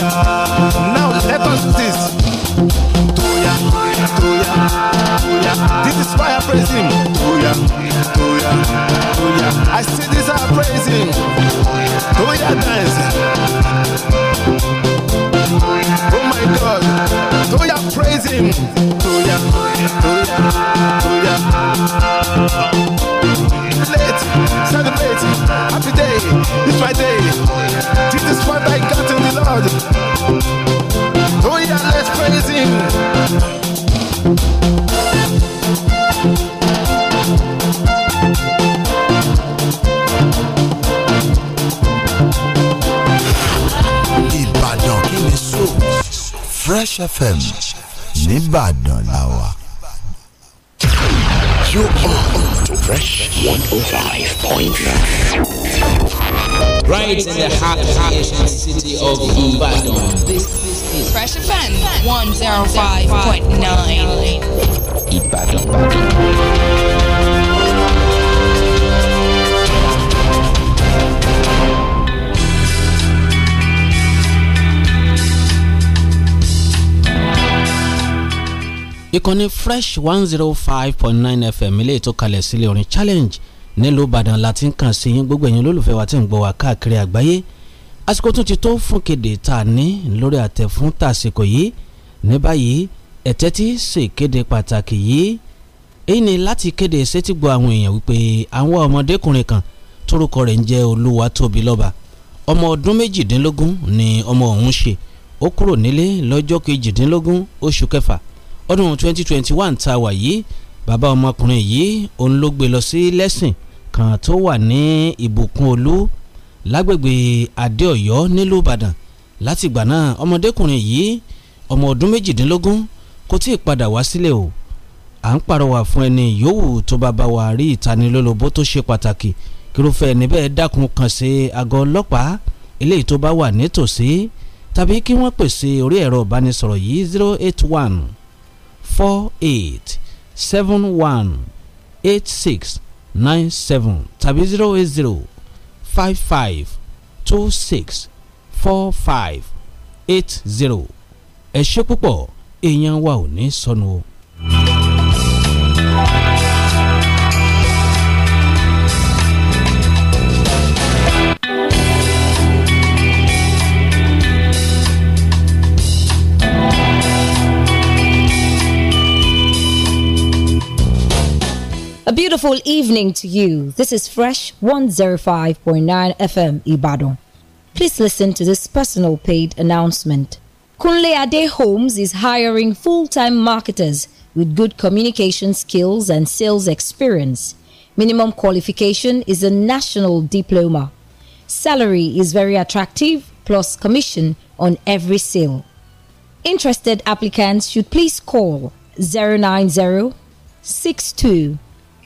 Now let us this. Toya, Toya, Toya. This is why I praise him. Toya, Toya, Toya. I see this, are praising. him. Toya dance. Oh my God. Toya, praise him. Let's celebrate. Happy day. It's my day. This is what I got in the Lord. Oh let's praise Him. Fresh FM nìbàdàn là wà. you are on to fresh one oh five point nine. right in the heart of the city of Ibadan. This is Fresh Offense 105.9. Ibadan. ìkànnì fresh one zero oh five point nine fm ilé ètò kalẹ̀ sílé orin challenge nílùú ìbàdàn la ti ń kàn sí yín gbogbo ẹ̀yin olólùfẹ́ wa tí ń gbọ́ wá káàkiri àgbáyé àsìkò tún ti tó fún kéde ta ní lórí àtẹ fún tàsìkò yìí ní báyìí ẹ̀tẹ́ tí ṣe kéde pàtàkì yìí èyí ni láti kéde sétí gbọ́ àwọn èèyàn wípé àwọn ọmọdékùnrin kan tórúkọ rẹ̀ ń jẹ́ Olúwatóbilọ́ba ọmọ ọdún méjìdínlógún ni ọmọ ọ̀hún ṣe ó kúrò nílé lọ́jọ́ kejìdínlógún oṣù kẹfà ọdún 2021 tá a wà yìí bàbá ọmọkùnrin yìí òun ló gbé lọ sí lẹ́sìn kan tó wà ní ìbùkún olú lágbègbè adéọ̀yọ́ nílùú ìbàdàn látìgbà náà ọmọdékùnrin yìí ọmọ ọdún méjìdínlógún kò tí ì padà wá sílẹ̀ o à ń pàrọwà fún ẹni yòówù tó bá bá wa rí ìtanilólobó tó ṣe pàtàkì kírúfẹ́ ẹni bẹ́ẹ̀ dákun kàn sí àgọ́ ọlọ́pàá eléyìí tó bá wà nítòsí tàbí kí wọ́n pèsè orí ẹ̀rọ ìbánisọ̀rọ̀ yìí zero eight one four eight seven one eight six nine seven tàbí zero eight zero five five two six four five eight zero ẹ ṣe púpọ̀ èèyàn wa ò ní sọnù A beautiful evening to you. This is Fresh 105.9 FM Ibadan. Please listen to this personal paid announcement. Kunle Ade Homes is hiring full time marketers with good communication skills and sales experience. Minimum qualification is a national diploma. Salary is very attractive, plus commission on every sale. Interested applicants should please call 090 62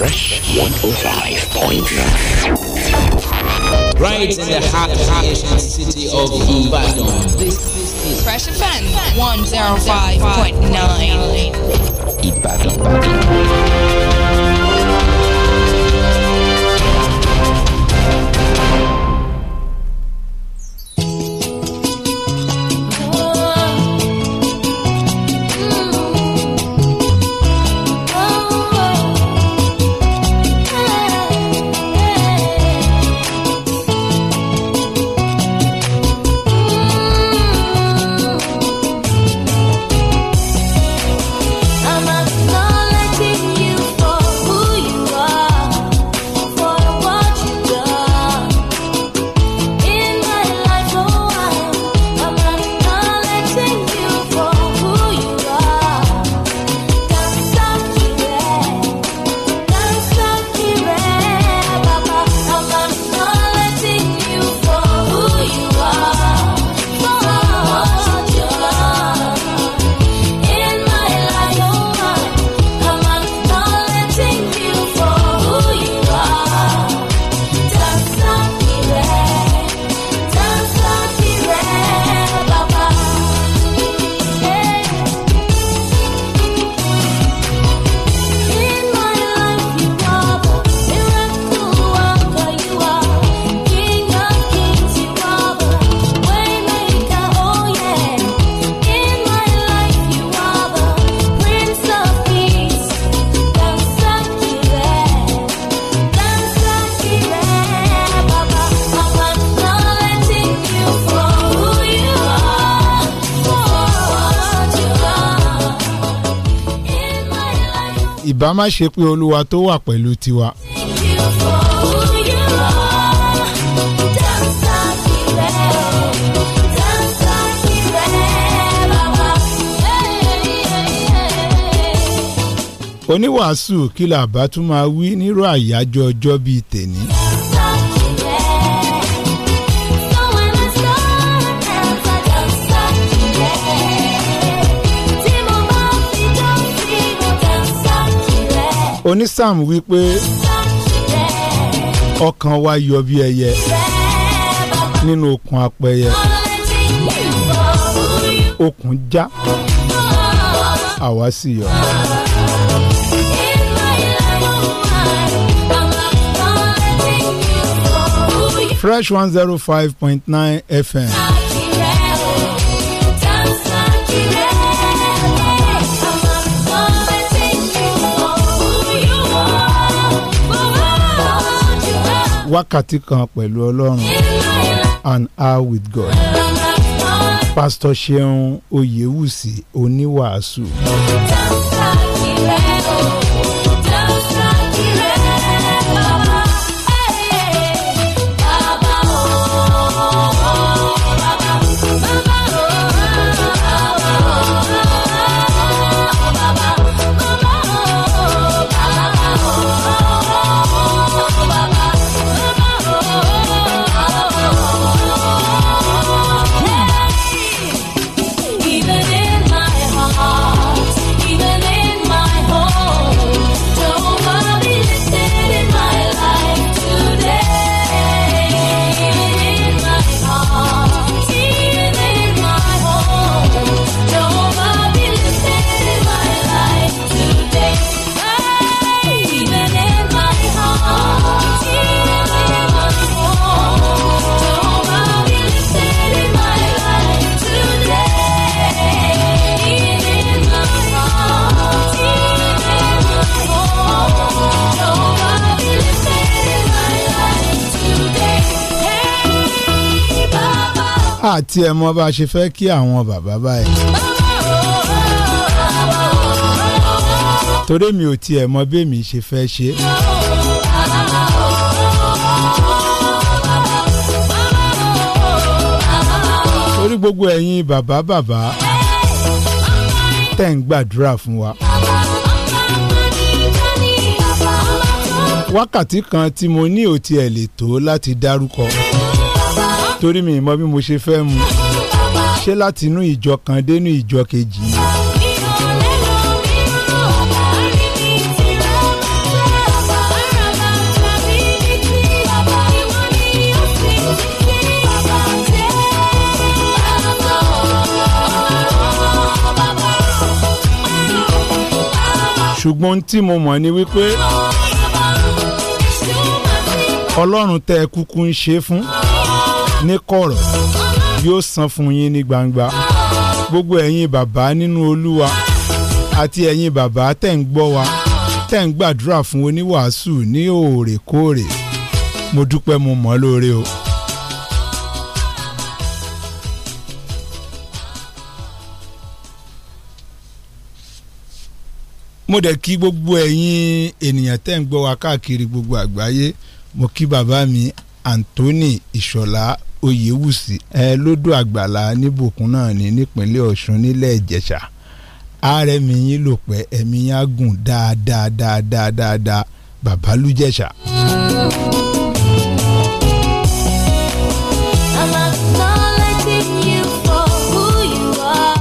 Fresh 105.9. Right in the heart of city of Ibadan. Fresh Offense 105.9. Ibadan. ìbá má ṣe pé olúwa tó wà pẹ̀lú tiwa. oníwàásù kí la bá tún máa wí nírú àyájọ́ ọjọ́ bíi tèní. onísàm wípé ọkàn wa yọ bí ẹyẹ nínú okùn apẹyẹ okùn já àwa sì yọ. fresh one zero five point nine fm. wákàtí kan pẹ̀lú ọlọ́run and are with God pásítọ̀ ṣeun oyèwùsì oníwàásù. àti ẹ̀ mọ́ bá a ṣe fẹ́ kí àwọn bàbá báyìí. torí mi ò tiẹ̀ mọ bẹ́ẹ̀mí ṣe fẹ́ ṣe. torí gbogbo ẹ̀yin bàbá bàbá tẹ̀ ń gbàdúrà fún wa. wákàtí kan tí mo ní ò tiẹ̀ lè tó láti dárúkọ torí mi mọ bí mo ṣe fẹ́ mu ṣé láti inú ìjọ kan dénú ìjọ kejì ṣùgbọ́n tí mo mọ̀ ni wípé ọlọ́run tẹ́ ẹ kúkú ń ṣe fún ní kọ̀rọ̀ yóò san fún yín ní gbangba gbogbo ẹ̀yin bàbá nínú olúwa àti ẹ̀yin bàbá tẹ̀ ń gbọ́ wa tẹ̀ ń gbàdúrà fún oníwàásù ní òòrèkóòrè mo dúpẹ́ mo mọ̀ lóore o. mo dẹ̀ kí gbogbo ẹ̀yin ènìyàn tẹ́ ń gbọ́ wa káàkiri gbogbo àgbáyé mo kí bàbá mi Anthony Ìṣọ̀lá Oyèwùsì ẹ lódò àgbàlá níbùkún náà ní nípínlẹ̀ Ọ̀ṣun nílẹ̀ Ìjẹ̀ṣà ààrẹ̀mí yín lò pẹ́ ẹ̀mí yín á gùn dáadáa dáadáa dáadáa bàbá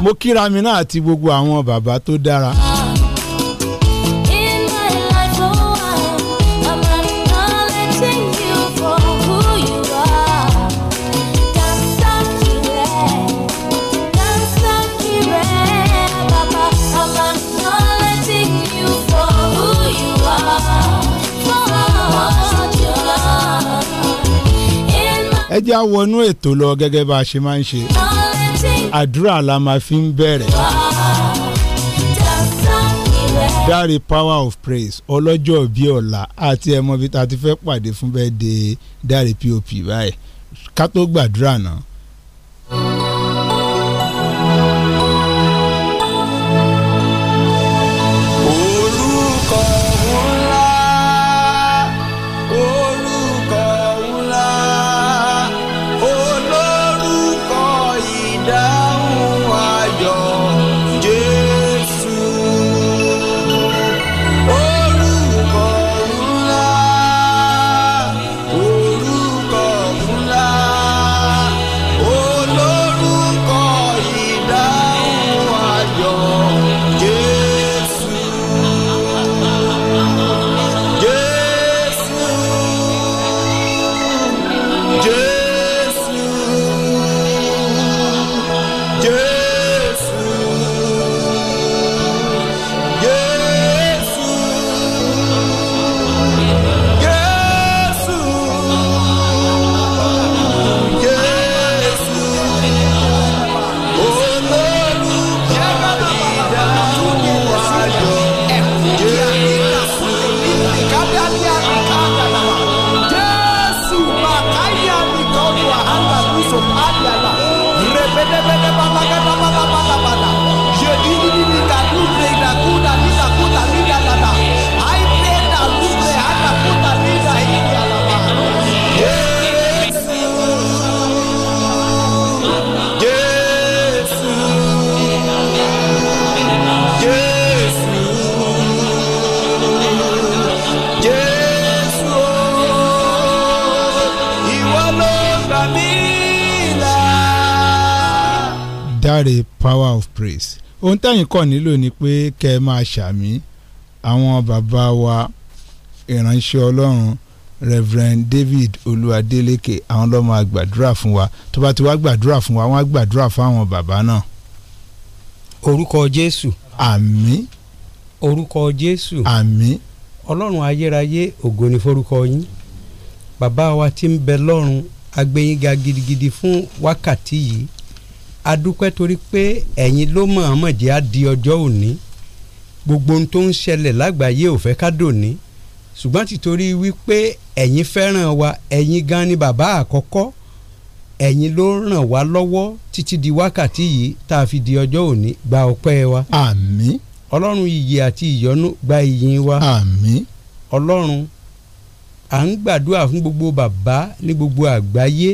mo kíra mi náà àti gbogbo àwọn bàbá tó dára. jẹ́ wọnú ètò lọ gẹ́gẹ́ bá a ṣe máa ń ṣe àdúrà la máa fi ń bẹ̀rẹ̀ dáre power of praise ọlọ́jọ́ bí ọ̀la àti ẹ̀mọ́ bí ta ti fẹ́ pàdé fún bẹ́ẹ̀ de dáre pop báyìí ká tó gbàdúrà náà ohun tẹ́yìn kọ̀ nílò ni pé kẹ́ ẹ máa ṣàmì àwọn bàbá wa ìránṣẹ́ ọlọ́run Reverend David Olúwadeleke àwọn ló máa gbàdúrà fún wa tó bá ti wá gbàdúrà fún wa wọ́n á gbàdúrà fún àwọn bàbá náà. orúkọ Jésù. àmín. orúkọ Jésù. àmín. ọlọ́run ayérayé ògo ni forúkọ yín bàbá wa tí ń bẹ lọ́run agbẹ́yìnga gidigidi fún wákàtí yìí adúpẹ́ torí pé ẹ̀yin ló mọ̀ọ́mọ̀ jẹ́ á di ọjọ́ òní gbogbo ohun tó ń ṣẹlẹ̀ lágbàáyé ò fẹ́ ká dòní ṣùgbọ́n tìtorí wípé ẹ̀yin fẹ́ràn wa ẹ̀yin gan ni bàbá àkọ́kọ́ ẹ̀yin ló ràn wá lọ́wọ́ títí di wákàtí yìí tá a fi di ọjọ́ òní gba ọpẹ́ wa. àmín. ọlọ́run ìyè àti ìyọ́nú gba ìyìn wa. àmín. ọlọ́run à ń gbàdúrà fún gbogbo bàbá ní gbogbo àgbáyé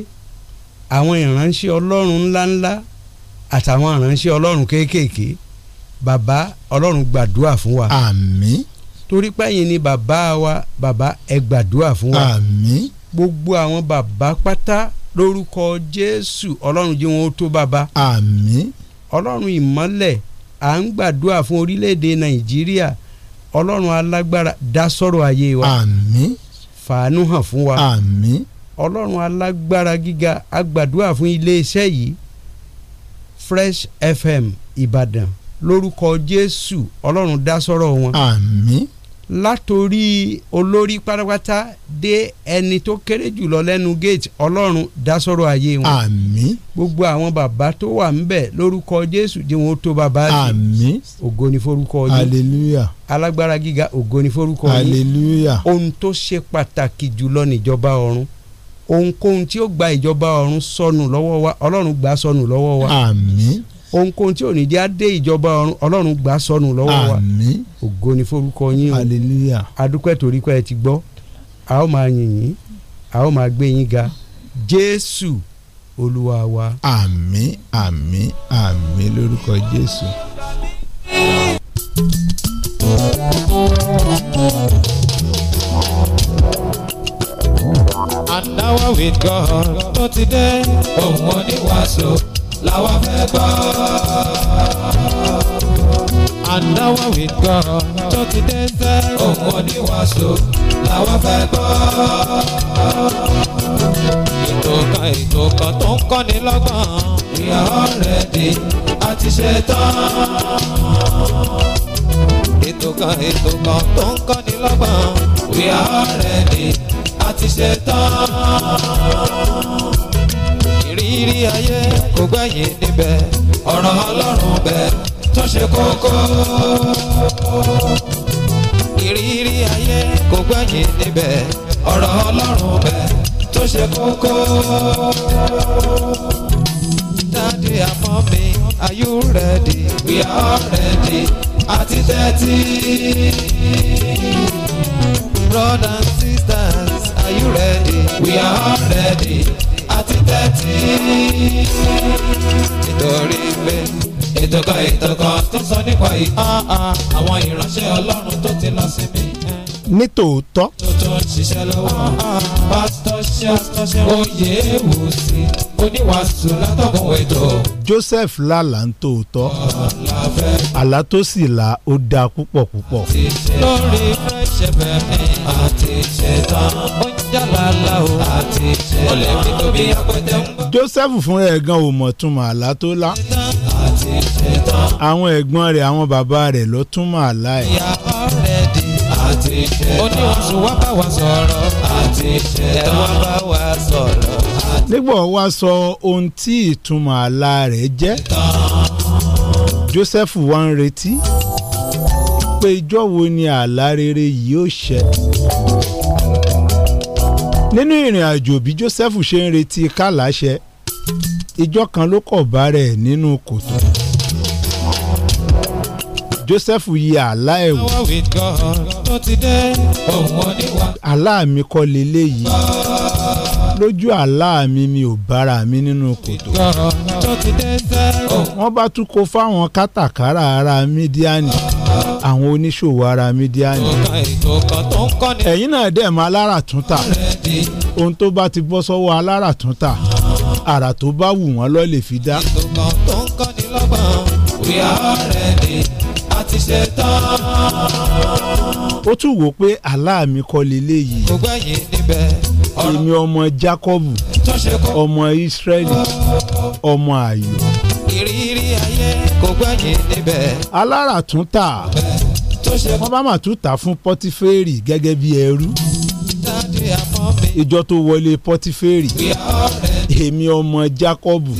àwọn ìránṣẹ́ ọlọ́run ńláńlá àtàwọn aránṣẹ́ ọlọ́run kéékèèké bàbá ọlọ́run gbàdúrà fún wa. àmín. torí pẹ́yìn ni bàbá wa bàbá ẹ gbàdúrà fún wa. àmín. gbogbo àwọn bàbá pátá lórúkọ jésù ọlọ́run jí wọn ó tó bàbá. àmín. ọlọ́run ìmọ́lẹ̀ à ń gbàdúrà fún orílẹ̀-èdè nàìjíríà ọlọ́run alágbára dá sọ̀rọ̀ ayé wa. àmín. fàánú hàn fún wa. àmín. ọlọ́run alágbára gíga a fún iléeṣẹ́ yìí Fresh FM Ìbàdàn lórúkọ Jésù Ọlọ́run dá sọ́rọ̀ wọn. àmín. látòrí olórí pátápátá dé ẹni tó kéré jùlọ lẹ́nu gate Ọlọ́run dá sọ́rọ̀ ayé wọn. àmín. gbogbo àwọn bàbá tó wà ńbẹ̀ lórúkọ Jésù jẹ́ wọn ó tó bàbá yìí. àmín. ògo ni forúkọ yìí. hallelujah. alágbára gíga ògo ni forúkọ yìí. hallelujah. ohun tó ṣe pàtàkì jùlọ níjọba ọ̀run ohunkóhun tí ó gba ìjọba ọ̀run sọnù lọ́wọ́ wa ọlọ́run gbà sọnù lọ́wọ́ wa àmín ohunkóhun tí ò ní jẹ́ adé ìjọba ọ̀run ọlọ́run gbà sọnù lọ́wọ́ wa àmín ògo ni forúkọ yín o hallelujah adúpẹ́ torí pé ẹ ti gbọ́ a ó máa yìn yín a ó máa gbé yín ga jésù olúwa wa. àmín àmín àmín lórúkọ jésù. Thank Adáwọ̀ with God tó ti dé. Òun oníwàásù làwa fẹ́ gbọ́. Adáwọ̀ with God tó ti dé sẹ́. Òun oníwàásù làwa fẹ́ gbọ́. Ètò kan tó ń kọ́ni lọ́gbọ̀n. Ìyàwó rẹ̀ di àti ṣe tán ètò kan tó ń kọ́ni lọ́gbọ̀n. We are ready ti ṣe tán. ìrírí ayé kò gbẹ̀yìn níbẹ̀ ọ̀rọ̀ ọlọ́run bẹ̀ tó ṣe kókó. ìrírí ayé kò gbẹ̀yìn níbẹ̀ ọ̀rọ̀ ọlọ́run bẹ̀ tó ṣe kókó. dáàdi àmọ́ mi are you ready? we are ready àti tẹ́tí. brother and sister. Are you ready? We are all ready. Àti tẹ́tí. Nítorí pé ètò kan ètò kan tó sọ nípa ìhà àwọn ìránṣẹ́ Ọlọ́run tó ti lọ sí mi ní Joseph lálà ń tòótọ́ àlá tó sì là ó da púpọ̀ púpọ̀. Joseph fúnra ẹ̀ gan ò mọ̀ túmọ̀ àlá tó lá àwọn ẹ̀gbọ́n rẹ̀ àwọn bàbá rẹ̀ ló túmọ̀ àlá ẹ̀ ó ní oṣù wá bá wa sọ̀rọ̀ ẹ wá bá wa sọ̀rọ̀. nígbà wá sọ ohun tí ìtumọ̀ àlá rẹ̀ jẹ́ Joseph wá ń retí pé ijọ́ wo ni àlá rere yìí ó ṣẹ nínú ìrìn àjò bí Joseph ṣe ń retí kàláṣẹ ijọ́ kan ló kọ̀ bá rẹ̀ nínú kòtò. Joseph yìí àlá ẹ̀ wò. àlá mi kọ́ leléyìí lójú àlá mi mi ò bára mi nínú kòtò. wọ́n bá tún kó fáwọn kátàkárà ara mídíàní àwọn oníṣòwò ara mídíàní. ẹ̀yin náà dẹ̀ mọ alára tún tà ohun tó bá ti bọ́ sọ́wọ́ alára tún tà àrà tó bá wù wọ́n lọ lè fi dá. we are ready ti ṣe tán. ó tún wò pé àlá mi kọ́ lélẹ̀ yìí. kò gbẹ̀yìn níbẹ̀. èmi ọmọ Jákọ́bù ọmọ Ísírẹ́lì ọmọ ààyò. ìrírí ayé kò gbẹ̀yìn níbẹ̀. alára tún tà wọ́n bá mà tún tà fún pọ́tífẹ́rì gẹ́gẹ́ bí ẹrú ìjọ tó wọlé pọtifẹ́rì èmi ọmọ Jákọ́bù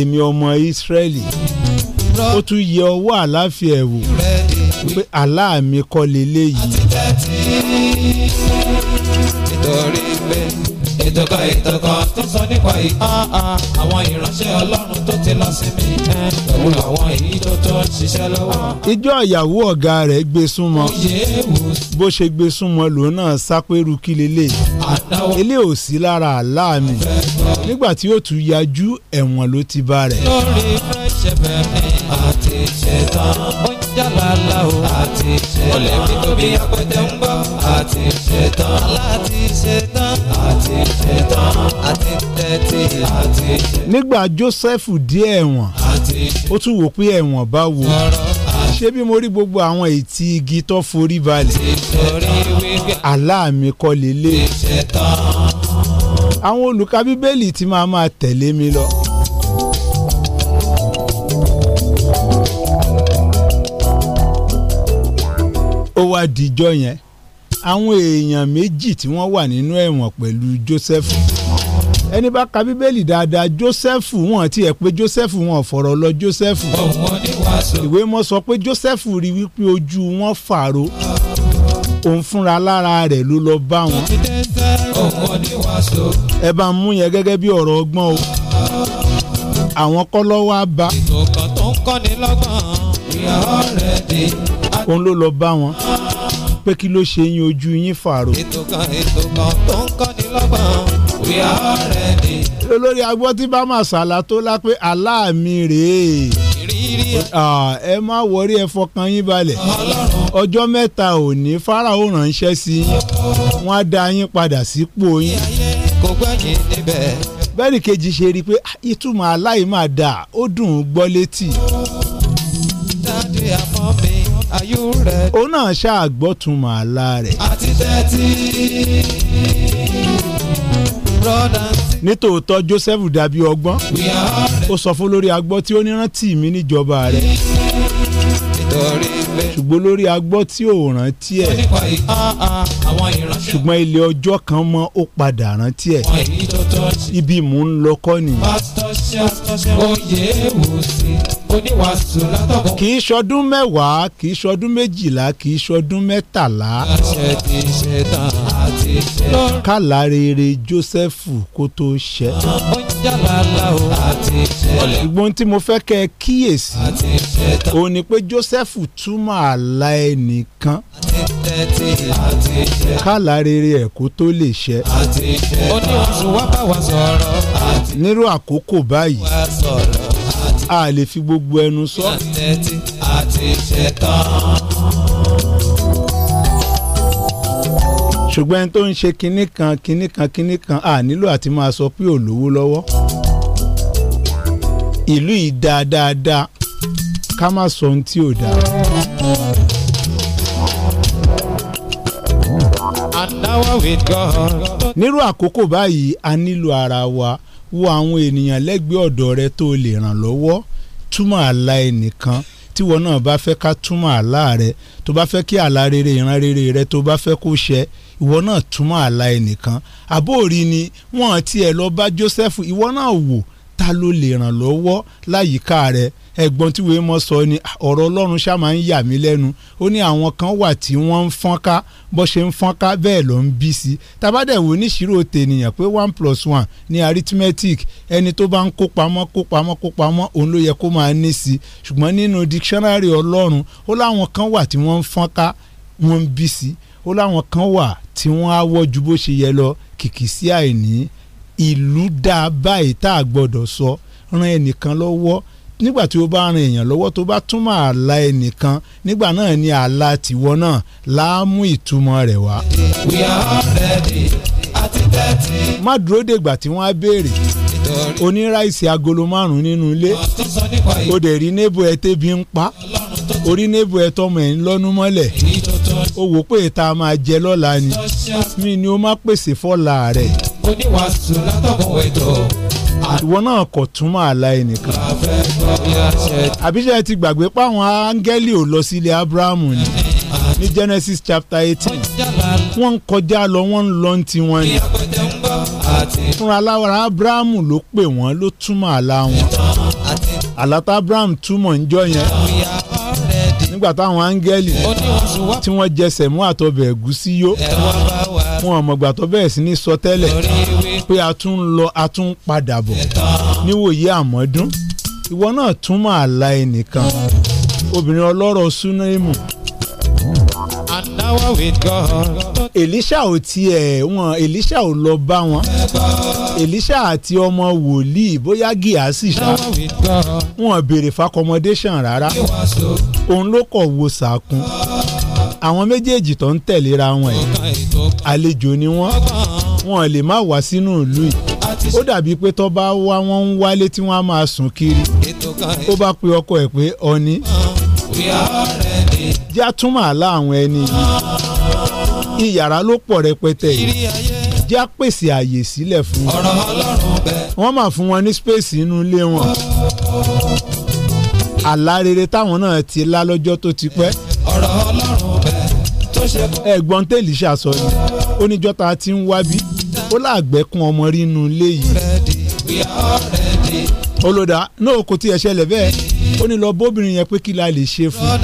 èmi ọmọ Ísírẹ́lì ó tún yẹ ọwọ́ àláfíà ẹ̀ wò pé aláàmì kọ́ lélẹ̀ yìí. nítorí pé ìtọ́kọ̀ ìtọ́kọ̀ tó sọ nípa ìhà àwọn ìránṣẹ́ ọlọ́run tó ti lọ sí mi pẹ̀lú àwọn ìjọ tó ń ṣiṣẹ́ lọ́wọ́. ìjọ ìyàwó ọ̀gá rẹ̀ gbé súnmọ́ bó ṣe gbé súnmọ́ lòun náà sápẹ́rù kí lélẹ̀ ilé ò sí lára àláàmì nígbà tí ó tún yajú ẹ̀wọ̀n ló ti bá rẹ̀. lórí fẹ́ ṣe bẹ̀rẹ̀ àti ṣetán. ó ń jà lálá o àti ṣetán. ó lè fi tóbi apẹ̀tẹ̀ ń bọ̀ àti ṣetán. láti ṣetán àti ṣetán. àti tẹ́tí àti ṣetán. nígbà Joseph dé ẹ̀wọ̀n ó tún wò pé ẹ̀wọ̀n bá wò ṣé bí mo rí gbogbo àwọn ètí igi tó forí balẹ̀ àlá mi kọ́ lélẹ̀ àwọn olùka bíbélì ti máa máa tẹ̀lé mi lọ. ó wá dijọ́ yẹn àwọn èèyàn méjì tí wọ́n wà nínú ẹ̀wọ̀n pẹ̀lú Joseph ẹni bá ka bíbélì dáadáa Joseph wọn tiẹ̀ pé Joseph wọn fọ̀rọ̀ lọ Joseph ìwé mọ́ sọ pé Joseph rí wípé ojú wọn fàró òun fúnra lára rẹ̀ ló lọ bá wọn. ẹ bá mú yẹn gẹ́gẹ́ bí ọ̀rọ̀ ọgbọ́n o àwọn kọ́ lọ́wọ́ á bá. ìtòkàn tó ń kọ́ni lọ́gbọ̀n ìyàwó rẹ̀ dé òun ló lọ bá wọn pé kí ló ṣe yín ojú yín fàrò. ètò kan ètò kan tó ń kọ́ni lọ́gbọ̀n we are ready. olórí agbọ́n tí bá máa ṣàlà tó lápé aláàmì rèé ẹ má wọrí ẹ fọkàn yín balẹ̀ ọjọ́ mẹ́ta ò ní Fáráò ránṣẹ́ sí yín wọ́n á dá yín padà sípò yín. kò bẹ́ẹ̀ni kejì ṣe rí i pé ah, ìtumọ̀ aláìmáa dà ó dùn ún gbọ́ létí. dáadé àmọ́ mi òun náà ṣàgbọ́tun màálà rẹ̀. àti tẹ́tí nítòótọ́ Joseph dàbí ọgbọ́n ó sọ fún lórí agbọ́ tí ó ní rántí mi níjọba rẹ̀ ṣùgbọ́n lórí agbọ́ tí ò rántí ẹ̀ ṣùgbọ́n ilé ọjọ́ kan mọ́ ó padà rántí ẹ̀ ibi mò ń lọ kọ́ ni. kì í ṣọdún mẹ́wàá kì í ṣọdún méjìlá kì í ṣọdún mẹ́tàlá. kálá rere Jósẹ́fù kó tó ṣẹ ṣùgbọ́n tí mo fẹ́ kẹ́ ẹ kíyèsí òun ni pé Joseph túmọ̀ àlá ẹnìkan kálá rere ẹ̀ kó tó lè ṣẹ. nírú àkókò báyìí a lè fi gbogbo ẹnu sọ. àti ṣetán ṣùgbọ́n ẹni tó ń ṣe kinní kan kinní kan kinní kan a nílò àti máa sọ pé ò lówó lọ́wọ́ ìlú yìí dáa dáadáa ká má sọ ohun tí ò dáa. nírú àkókò báyìí a nílò ara wa wo àwọn ènìyàn lẹ́gbẹ̀ẹ́ ọ̀dọ̀ rẹ tó lè ràn lọ́wọ́ túmọ̀ àlá ẹnìkan tíwọ náà bá fẹ́ ká túmọ̀ àlá rẹ tó bá fẹ́ kí àlá rere ìran rere rẹ tó bá fẹ́ kó ṣẹ ìwọ náà túmọ̀ àlá ẹnìkan àbóòrí ni wọ́n ti ẹ̀ lọ bá Joseph ìwọ náà wò ta ló lè ràn lọ́wọ́ láyìíká rẹ̀ ẹ̀gbọ́n tí wèé mọ̀ sọ ni ọ̀rọ̀ Ọlọ́run ṣá máa ń yà mí lẹ́nu ó ní àwọn kan wà tí wọ́n ń fọ́nká bó ṣe ń fọ́nká bẹ́ẹ̀ ló ń bí sí tabadẹ̀ wò níṣirò tènìyàn pé one plus one ní arithmetic ẹni tó bá ń kó pamọ́ kó pamọ́ kó pamọ́ òun ló yẹ kó máa ní sí ṣùgbọ́n nínú dictionary Ọlọ́run ó láwọn kan wà tí wọ́n ń fọ́nká wọ́n ń bí sí ó láwọn kan wà tí wọ́n á wọ́ ju bó ṣe yẹ lọ kìkì sí àìní ìlú dá báyìí tá a gbọ́dọ̀ sọ ran ẹnìkan lọ́wọ́ nígbà tí o bá ran èèyàn lọ́wọ́ tó bá túmọ̀ àlá ẹnìkan nígbà náà ni àlá tìwọ náà láàmú ìtumọ̀ rẹ̀ wá. we are already at thirty. má dúró dègbà tí wọ́n á béèrè oníráìsì agolo márùn-ún nínú ilé o dẹ̀ rí nebo ẹ tẹ́bi ń pa orí nebo ẹ tọmọ ẹ̀ ń lọ́nu mọ́lẹ̀ o wò pé ìta máa jẹ lọ́la ni mi ni o máa pèsè fọ́la rẹ̀. oníwàásù látọ̀kọ̀ ètò. ìwọ náà kò tún máa la ẹnìkan. àbíṣe ti gbàgbé páwọn áńgẹ́lì ò lọ sílé Ábúráhámù ni ní Genesis chapter eighteen wọ́n ń kọjá lọ wọ́n ń lọ ti wọn ni fúnra lára Ábúráhámù ló pè wọ́n ló túmọ̀ àlá wọn àlá tá Ábúráhámù túmọ̀ ń jọ yẹn nígbà táwọn áńgẹ́lì tí wọ́n jẹsẹ̀ mú àtọbẹ̀ ẹ̀gúsí yó wọn ò mọ̀gbà tó bẹ̀rẹ̀ sí ní sọ tẹ́lẹ̀ pé a tún ń lọ a tún ń padà bọ̀ níwòye àmọ́dún ìwọ náà túmọ̀ àlá ẹnìkan obìnrin ọlọ́rọ̀ súnẹ́ẹ̀mù and hour with God. Èlíṣà ò tiẹ̀ wọn Èlíṣà ò lọ bá wọn Èlíṣà àti ọmọ wòlíì bóyá gíásì ṣá wọn béèrè for accommodation rárá òun ló kọ̀ wo sàkún àwọn méjèèjì tó ń tẹ̀léra wọn yìí àlejò ni wọ́n wọn lè má wá sínú ìlú yìí ó dàbí pé tó bá wá wọ́n ń wálé tí wọ́n á máa sùn kiri ó bá pe ọkọ ẹ̀ pé ọ̀ní. Ah, jẹ́ àtúmọ̀ àlá àwọn ẹni yìí iyàrá ló pọ̀ rẹpẹtẹ yìí jẹ́ àpèsè àyè sílẹ̀ fún wọn wọ́n máa fún wọn ní space inú ilé wọn àlá táwọn náà ti lá lọ́jọ́ tó ti pẹ́ ẹ̀gbọ́n tèlí ṣàṣọ ni oníjọ́ta ti ń wá bí ó láàgbẹ́kun ọmọ rí inú ilé yìí olódà náà kò tiẹ̀ ṣẹlẹ̀ bẹ́ẹ̀ ó ní lọ bóbìnrin yẹn pé kí la lè ṣe fún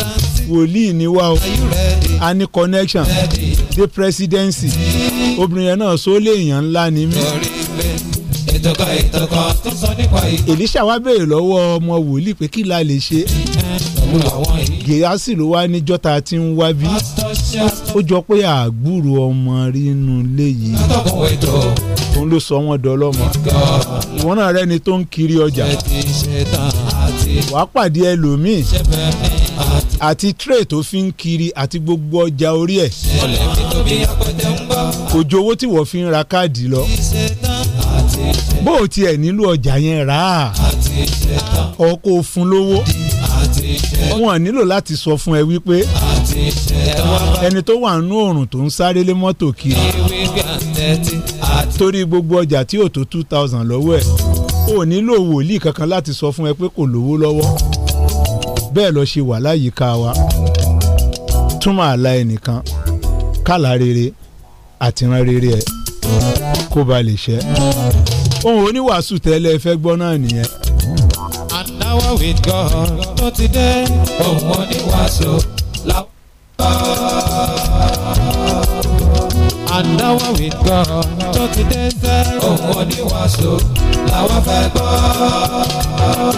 wòlíì ní wa o a ní connection dé presidency obìnrin yẹn náà sólé èèyàn ńlá ni mí. Èlíṣà wá béèrè lọ́wọ́ ọmọ wòlíì pé kí la lè ṣe gèrásì ló wá níjọ́ tá a ti ń wá bí ó jọ pé àgbúrò ọmọ rí inú òun ló sọ wọn dọlọ́mọ ìwọ́n náà rẹ́ni tó ń kiri ọjà wàá pàdé ẹlòmíì àti tray tó fi ń kiri àti gbogbo ọjà orí ẹ̀ kò ju owó tí wọ́n fi ń ra káàdì lọ bó o nílò ọjà yẹn rà á ọkọ̀ òfun lówó wọn nílò láti sọ fún ẹ wípé ẹni tó wà nínú oòrùn tó ń sáré lé mọ́tò kiri torí gbogbo ọjà tí ò tó two thousand lọ́wọ́ ẹ̀ ò nílò wòlíì kankan láti sọ fún ẹ pé kò lówó lọ́wọ́ bẹ́ẹ̀ lọ ṣe wà láyìíká wa túmọ̀ àlá ẹnìkan kálá rere àtìrán rere ẹ kó ba lè ṣẹ ohun oníwàásù tẹ́lẹ̀ fẹ́ gbọ́ náà nìyẹn and now with God tó ti dé òun wọn ní wàásù láwùjọ. and now with God tó ti dé sẹ́ òun wọn ní wàásù làwọn fẹ́ gbọ́.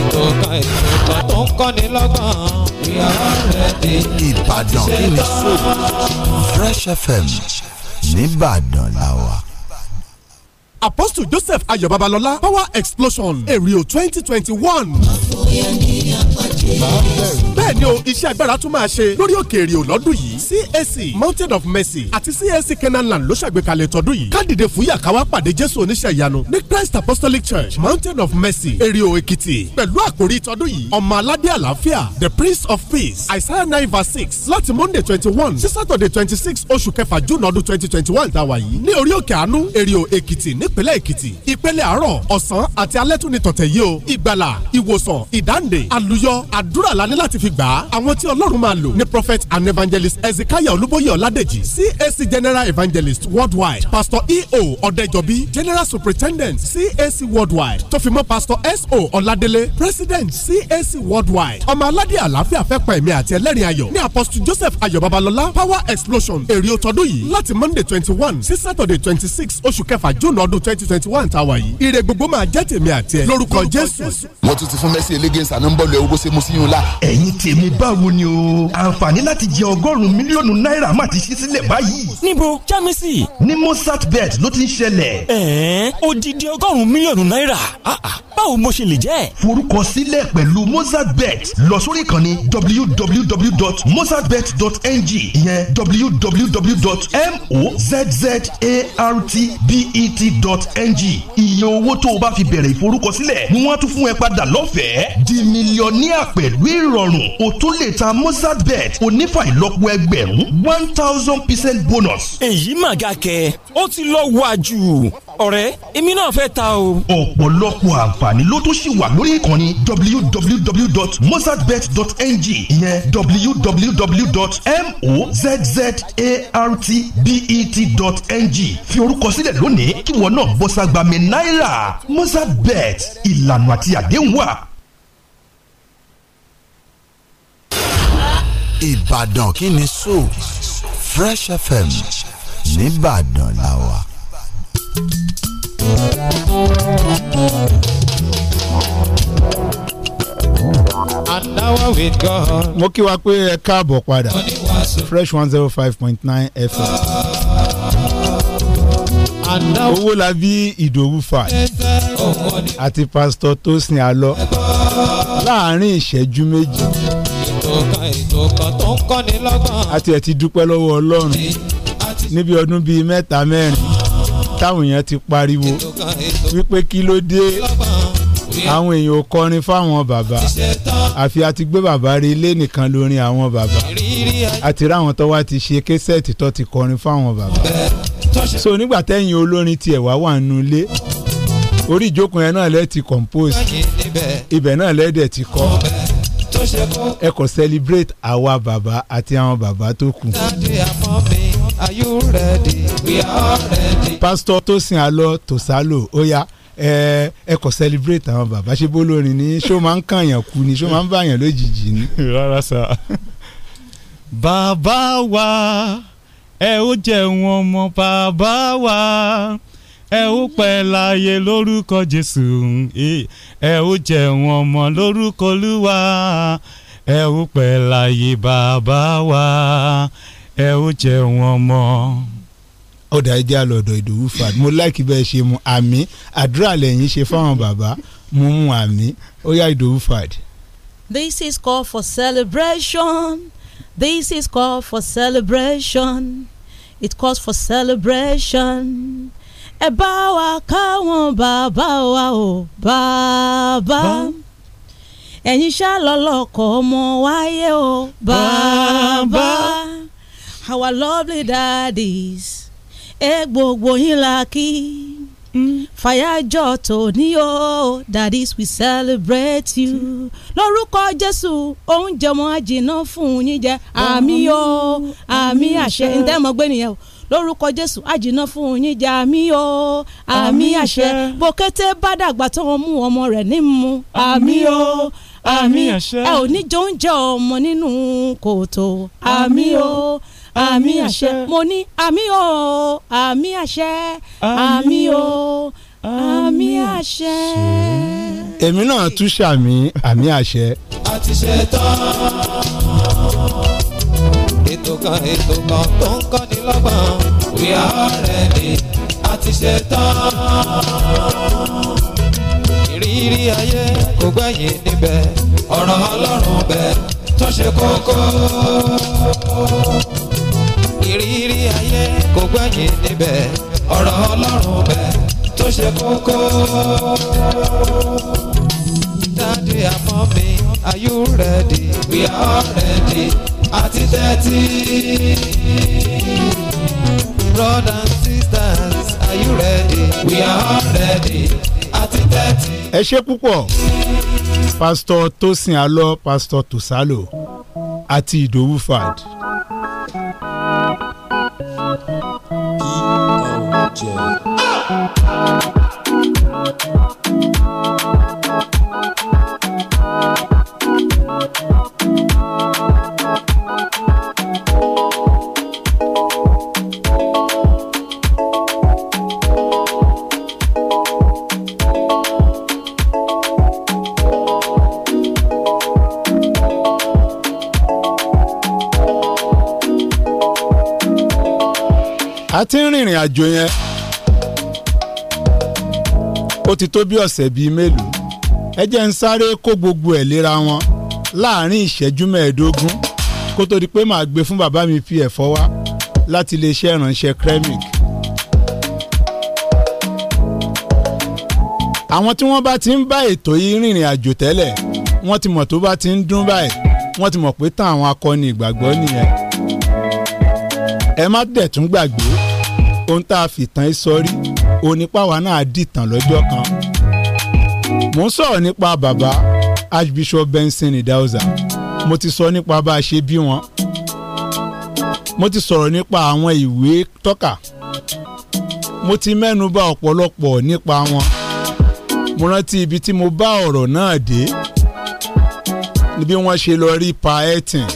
ètò kan ètò kan tó ń kọ́ni lọ́gbọ̀n. we are already Ìbàdàn fresh fm nìbàdàn làwà apostle joseph Ayobabalola power explosion èrìò twenty twenty one. bẹ́ẹ̀ ni o iṣẹ́ agbára tún máa ṣe lórí òkè èrìò lọ́dún yìí cac mountain of mercy àti cac Kenanland ló ṣàgbékalẹ̀ tọdún yìí kádìdè fúyà káwá pàdé jésù oníṣẹ́ ìyanu ní christ apostolic church mountain of mercy èrìò èkìtì pẹ̀lú àkórí tọdún yìí ọmọ aládé àlàáfíà the prince of peace isaiah nine verse six láti monday twenty one sí saturday twenty six oṣù kẹfà june ọdún twenty twenty one tàwa yìí ní orí òkè àánú èrìò èkìtì ní nípínlẹ̀ èkìtì ìpele àárọ̀ ọ̀sán àti alẹ́ tún ni tọ̀tẹ̀ yìí o ìgbàlà ìwòsàn ìdáǹdè àlùyọ àdúrà la ní láti fi gbà á àwọn tí ọlọ́run máa lò ní prophet and evangelist ezekiah olúbóyè ọládèjì cac general evangelist worldwide pastor eo ọ̀dẹ́jọ́bí general superintendent cac worldwide tó fi mọ́ pastor so ọládélé president cac worldwide ọmọ aládé àlàáfíà fẹ́ pa ẹ̀mí àti ẹlẹ́rìn ayọ̀ Ni apostle joseph ayọ̀ babalọ́lá power explosion èrè òtọ́dún yìí láti monday twenty one sí saturday twenty six oṣù kẹfà june ọdún ọdún twenty twenty one tàwa yìí ire gbogbo máa jẹ́ tèmi àti ẹ lórúkọ jésù. wọ́n tún ti fún mẹ́sì elégéńsà ní bọ́ọ̀lù ẹ̀ owó ṣe mú síyún la. ẹ̀yin tèmi báwo ni o àǹfààní láti jẹ ọgọ́rùn-ún mílíọ̀nù náírà má ti ṣí sílẹ̀ báyìí. níbo jámẹ́sì. ní mozart bet ló ti ń ṣẹlẹ̀. ẹ̀ẹ́n odidi ọgọ́rùn-ún mílíọ̀nù náírà ah, ah, báwo mo ṣe lè jẹ́. forúkọsílẹ̀ pẹ̀lú mozart bet lọ sórí ìkànnì www.mozartbet.ng ìyẹn www.mozzartbet.ng dot ng iye owó tó o bá fi bẹ̀rẹ̀ ìforúkọsílẹ̀ ni wọ́n tún fún ẹ padà lọ́fẹ̀ẹ́ di mílíọ̀níà pẹ̀lú ìrọ̀rùn o tún lè ta mozart bet onífà ìlọ́po ẹgbẹ̀rún one thousand percent bonus. èyí mà ga kẹ ó ti lọ wá jù ọ̀rẹ́ èmi náà fẹ́ ta o. ọ̀pọ̀lọpọ̀ àǹfààní ló tún ṣì wà lórí ìkànnì www.mozartbet.ng ìyẹn www.mozzartbet.ng fi orúkọ sílẹ̀ lónìí kí wọ́n náà náà bọ́sàgbàmí náírà mozabet ìlànà àti àdéhùn wà. ìbàdàn kí ni so fresh fm nìbàdàn la wà. mo kí wa pé ẹ káàbọ̀ padà fresh one zero five point nine fm Owólabí Ìdòwú Fàájì àti pásítọ̀ Tósìn Alọ́ láàrin ìṣẹ́jú méjì àti ẹ̀ ti dúpẹ́ lọ́wọ́ Ọlọ́run níbi ọdún bíi mẹ́ta mẹ́rin táwọn èèyàn ti pariwo wípé kí ló dé àwọn èèyàn ò kọrin fáwọn bàbá àfi àti gbé bàbá rí ilé nìkan lórin àwọn bàbá àti ráwọn tó wá ti ṣe késẹ́ẹ̀tì tó ti kọrin fáwọn bàbá so nígbà tẹ́yìn olórin tiẹ̀ wá wà nínú ilé orí ìjókòó yẹn náà lẹ́ ti compose ibẹ̀ náà lẹ́ dẹ̀ ti kọ́ ẹ kò celebrate àwa bàbá àti àwọn bàbá tó kù. Are you ready? We are ready. ó yá ẹ kò celebrate àwọn bàbá ṣe bó lórin ni ṣó máa ń kàyàn kú ni ṣó máa ń bàyàn lójijì ni. rárá sá. bàbá wa ẹ ó jẹun ọmọ bàbá wa ẹ ó pẹ́ láyé lórúkọ Jésù ẹ ó jẹun ọmọ lórúkọ Olúwa ẹ ó pẹ́ láyé bàbá wa ẹ ó jẹun ọmọ ọ̀dà ẹjẹ́ àlọ́dọ̀ ìdòwú fad mo láìkí bẹ́ẹ̀ ṣe mu àmì àdúrà lẹ́yìn ṣe fáwọn bàbá mo mu àmì ó yá ìdòwú fad. This is call for celebration. This is called for celebration. It calls for celebration. Ẹ bá wa káwọn bàbá wa o bàbá. Ẹ̀yin ṣá lọ́lọ́kọ̀ ọmọ wáyé o bàbá. Our lovely daddies, ẹ gbogbo yín la kí. fàyàjọ tòní o that is we celebrate you lórúkọ jésù oúnjẹ wọn àjìnà fún yín jẹ àmì o àmì àṣẹ ǹtẹ́ mọ̀ gbé nìyẹn o lórúkọ jésù àjìnà fún yín jẹ àmì o àmì àṣẹ bòkété bá dàgbà tó wọn mú ọmọ rẹ̀ ní mu àmì o àmì ẹ ò ní jẹ oúnjẹ ọmọ nínú kòtò àmì o. Àmì àmì àṣẹ mo ní àmì o àmì àṣẹ àmì o àmì àṣẹ. èmi náà tún ṣàmì àmì àṣẹ. a ti ṣe tán ètò kan ètò kan tó ń kọ́ni lọ́gbọ̀n we are ready a ti ṣe tán ìrírí ayé kò gbẹ̀yìn níbẹ̀ ọ̀rọ̀ ọlọ́run bẹ̀ tó ṣe kókó ìrírí ayé kò gbẹ̀yìn níbẹ̀ ọ̀rọ̀ ọlọ́run bẹ̀ tó ṣe kókó. Daddy and mommy, are you ready? We are ready. Àti tẹ́tí. Brothers and sisters, are you ready? We are ready àti tẹ́tí. ẹ ṣe púpọ̀ pásítọ̀ Tósìn Alọ́ pásítọ̀ Tòsálò àti Ìdòwú Fad. Thank you. a ti ń rìnrìn àjò yẹn ó ti tó bí ọ̀sẹ̀ bíi mélòó ẹ jẹ́ ń sáré kó gbogbo ẹ̀ léra wọn láàárín ìṣẹ́jú mẹ́ẹ̀ẹ́dógún kó tó di pé màá gbé fún bàbá mi fi ẹ̀fọ́ wá láti iléeṣẹ́ ìránṣẹ́ kremik. àwọn tí wọ́n bá ti ń bá ètò yìí rìnrìn àjò tẹ́lẹ̀ wọ́n ti mọ̀ tó bá ti ń dún báyìí wọ́n ti mọ̀ pé tán àwọn akọni ìgbàgbọ́ nìyẹn. ẹ má dẹ̀ tún gbàgbé ohun tá a fìtàn ẹ sọrí onípàwá náà dìtàn lọ́jọ́ kan mo ń sọ̀rọ̀ nípa bàbá Archbishop Benson Idahosa mo ti sọ nípa bá a ṣe bí wọn mo ti sọ̀rọ̀ nípa àwọn ìwé tọ́ka mo ti mẹ́nu bà ọ̀pọ̀lọpọ̀ nípa wọn mo rántí ibi tí mo bá ọ̀rọ̀ náà dé níbi wọ́n ṣe lọ rí pa ẹ̀tìn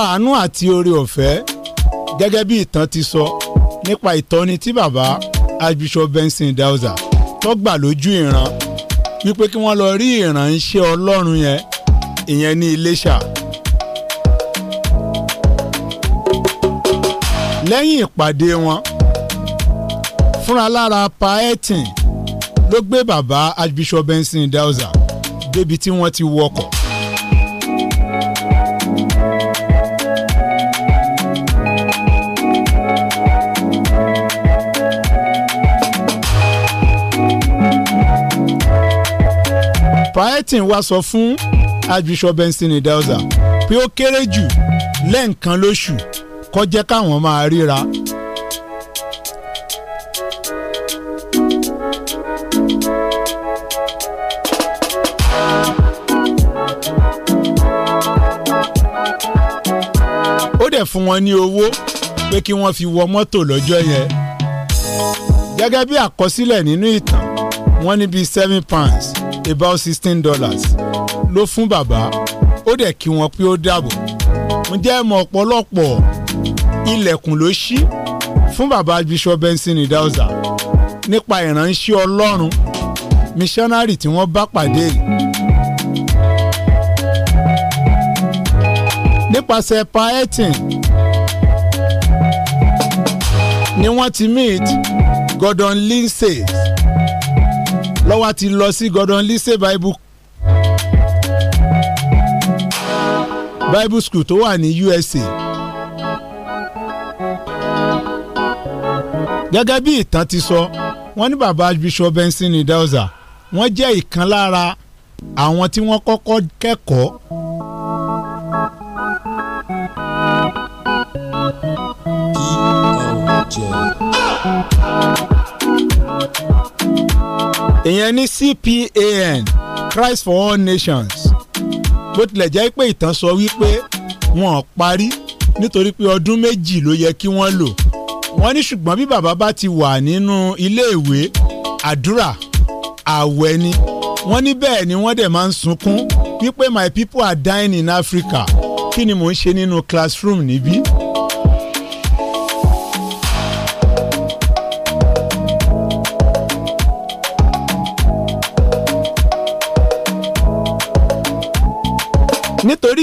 nípa àánú àti oore ọ̀fẹ́ gẹ́gẹ́ bí ìtàn ti sọ nípa ìtọ́ni tí bàbá Archbishop Benson Dauza tó gbà lójú ìran wípé kí wọ́n lọ rí ìránṣẹ́ Ọlọ́run yẹn ìyẹn ní Iléṣà. lẹ́yìn ìpàdé wọn fúnra lára paetin ló gbé bàbá Archbishop Benson Dauza débi tí wọ́n ti wọkọ̀. brighton wá sọ fún archbishop benson idelza pé ó kéré jù lẹ́ǹkan lóṣù kó káwọn máa ríra. ó dẹ̀ fún wọn ní owó pé kí wọ́n fi wọ mọ́tò lọ́jọ́ yẹn gẹ́gẹ́ bí àkọsílẹ̀ nínú ìtàn wọ́n ní bíi seven pounds about sixteen dollars ló fún bàbá ó dẹ̀ kí wọn pé ó dàbọ̀ ǹjẹ́ mọ̀ ọ̀pọ̀lọpọ̀ ilẹ̀kùn ló ṣí fún bàbá Bishop Benson Idahosa nípa ìránṣẹ́ Ọlọ́run missionary tí wọ́n bá pàdé yìí. nípasẹ̀ paetin ni wọ́n ti meet Gordon Lindsay lọ́wọ́ ti lọ sí Gordon Lisee Bible Bible School tó wà ní USA. gẹ́gẹ́ bí ìtàn ti sọ wọ́n ní baba Bishop Benson Idahosa wọ́n jẹ́ ìkan lára àwọn tí wọ́n kọ́kọ́ kẹ́kọ̀ọ́. kí ìyẹn ní CPAN Christ for all nations bó tilẹ̀ jẹ́ pé ìtàn sọ wípé wọn ò parí nítorí pé ọdún méjì ló yẹ kí wọ́n lò wọ́n ní ṣùgbọ́n bí bàbá bá ti wà nínú iléèwé àdúrà àwẹ̀ ni wọ́n ní bẹ́ẹ̀ ni wọ́n dẹ̀ máa ń sunkún wípé my people are dying in Africa kí ni mò ń ṣe nínú classroom níbí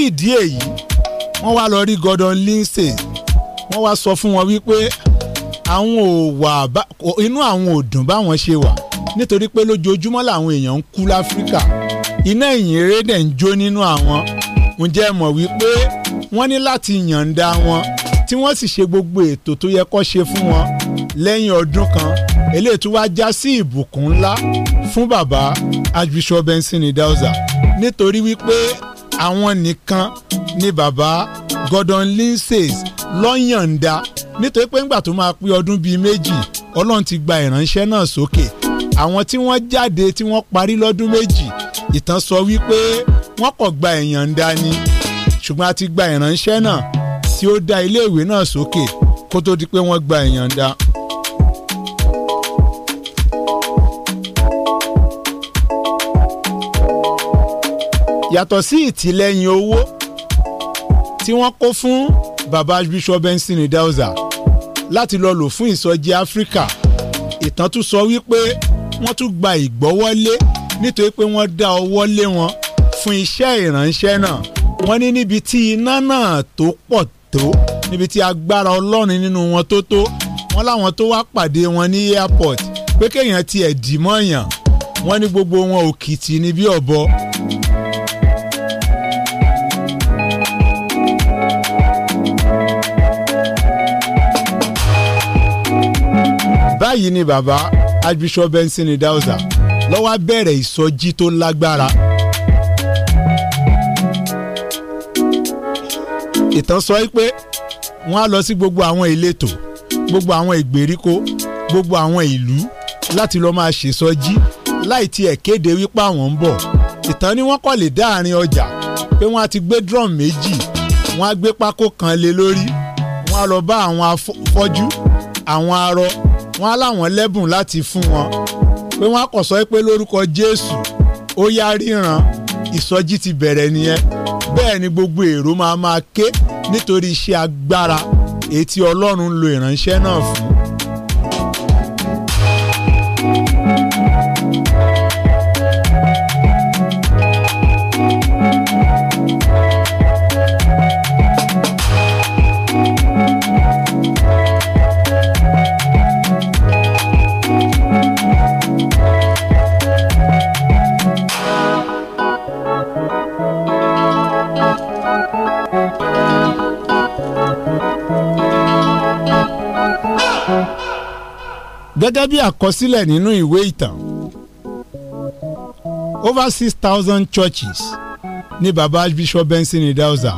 ìdí èyí wọ́n wá lọ rí Gordon Lindsay wọ́n wá sọ fún wọn wípé àwọn ò wà inú àwọn ò dùn báwọn ṣe wà nítorí pé lójoojúmọ́ làwọn èèyàn ń kú láfíríkà iná ìyìnrere dẹ̀ ń jó nínú àwọn ǹjẹ́ mọ̀ wípé wọ́n ní láti yànda wọn tí wọ́n sì ṣe gbogbo ètò tó yẹ kó ṣe fún wọn lẹ́yìn ọdún kan eléyìí wá já sí ìbùkún ńlá fún bàbá Archbishop Benson Idahosa nítorí wípé àwọn nìkan ni baba Gordon Lindsay lọ́yàǹda nítorí pé ńgbà tó máa pé ọdún bíi méjì Ọlọ́run ti gba ìránṣẹ́ náà sókè àwọn tí wọ́n jáde tí wọ́n parí lọ́dún méjì ìtàn sọ wípé wọ́n kò gba ìyàǹda ni ṣùgbọ́n a ti gba ìránṣẹ́ náà tí ó dá iléèwé náà sókè kó tó di pé wọ́n gba ìyàǹda. yàtọ̀ sí ìtìlẹ́yìn owó tí wọ́n kó fún baba Bishop Benson Idahosa láti lọ lò fún ìsọjí Áfíríkà ìtàn tún sọ wípé wọ́n tún gba ìgbọ́wọ́lé nítorí pé wọ́n dá ọwọ́ lé wọn fún iṣẹ́ ìránṣẹ́ náà wọ́n ní níbi tí iná náà tó pọ̀ tó níbi tí agbára Ọlọ́run nínú wọn tó tó wọ́n láwọn tó wá pàdé wọn ní airport pé kéèyàn tiẹ̀ dì mọ́yàn wọ́n ní gbogbo wọn òkìtì ní bí ọ̀bọ báyìí ni bàbá Archbishop Benson Idahosa lọ́wọ́ bẹ̀rẹ̀ ìsọjí tó lágbára. ìtàn sọ pé wọ́n á lọ sí gbogbo àwọn ìletò gbogbo àwọn ìgbèríko gbogbo àwọn ìlú láti lọ́ọ́ máa ṣèsọjí láì tiẹ̀ kéde wípé àwọn ń bọ̀ ìtàn ni wọ́n kọ́ lè dá àárín ọjà pé wọ́n á ti gbé drum méjì wọ́n á gbé pákó kan lé lórí wọ́n á lọ bá àwọn afọ́jú àwọn arọ wọ́n á láwọn lẹ́bùn láti fún wọn pé wọ́n á kọ̀ sọ pé lórúkọ Jésù ó yá ríran ìsọjí ti bẹ̀rẹ̀ nìyẹn bẹ́ẹ̀ ni gbogbo èrò máa máa ké nítorí iṣẹ́ agbára èyí tí Ọlọ́run lo ìránṣẹ́ náà fún gẹ́gẹ́ bí àkọsílẹ̀ nínú ìwé ìtàn over six thousand churches ní baba bishop benson idauza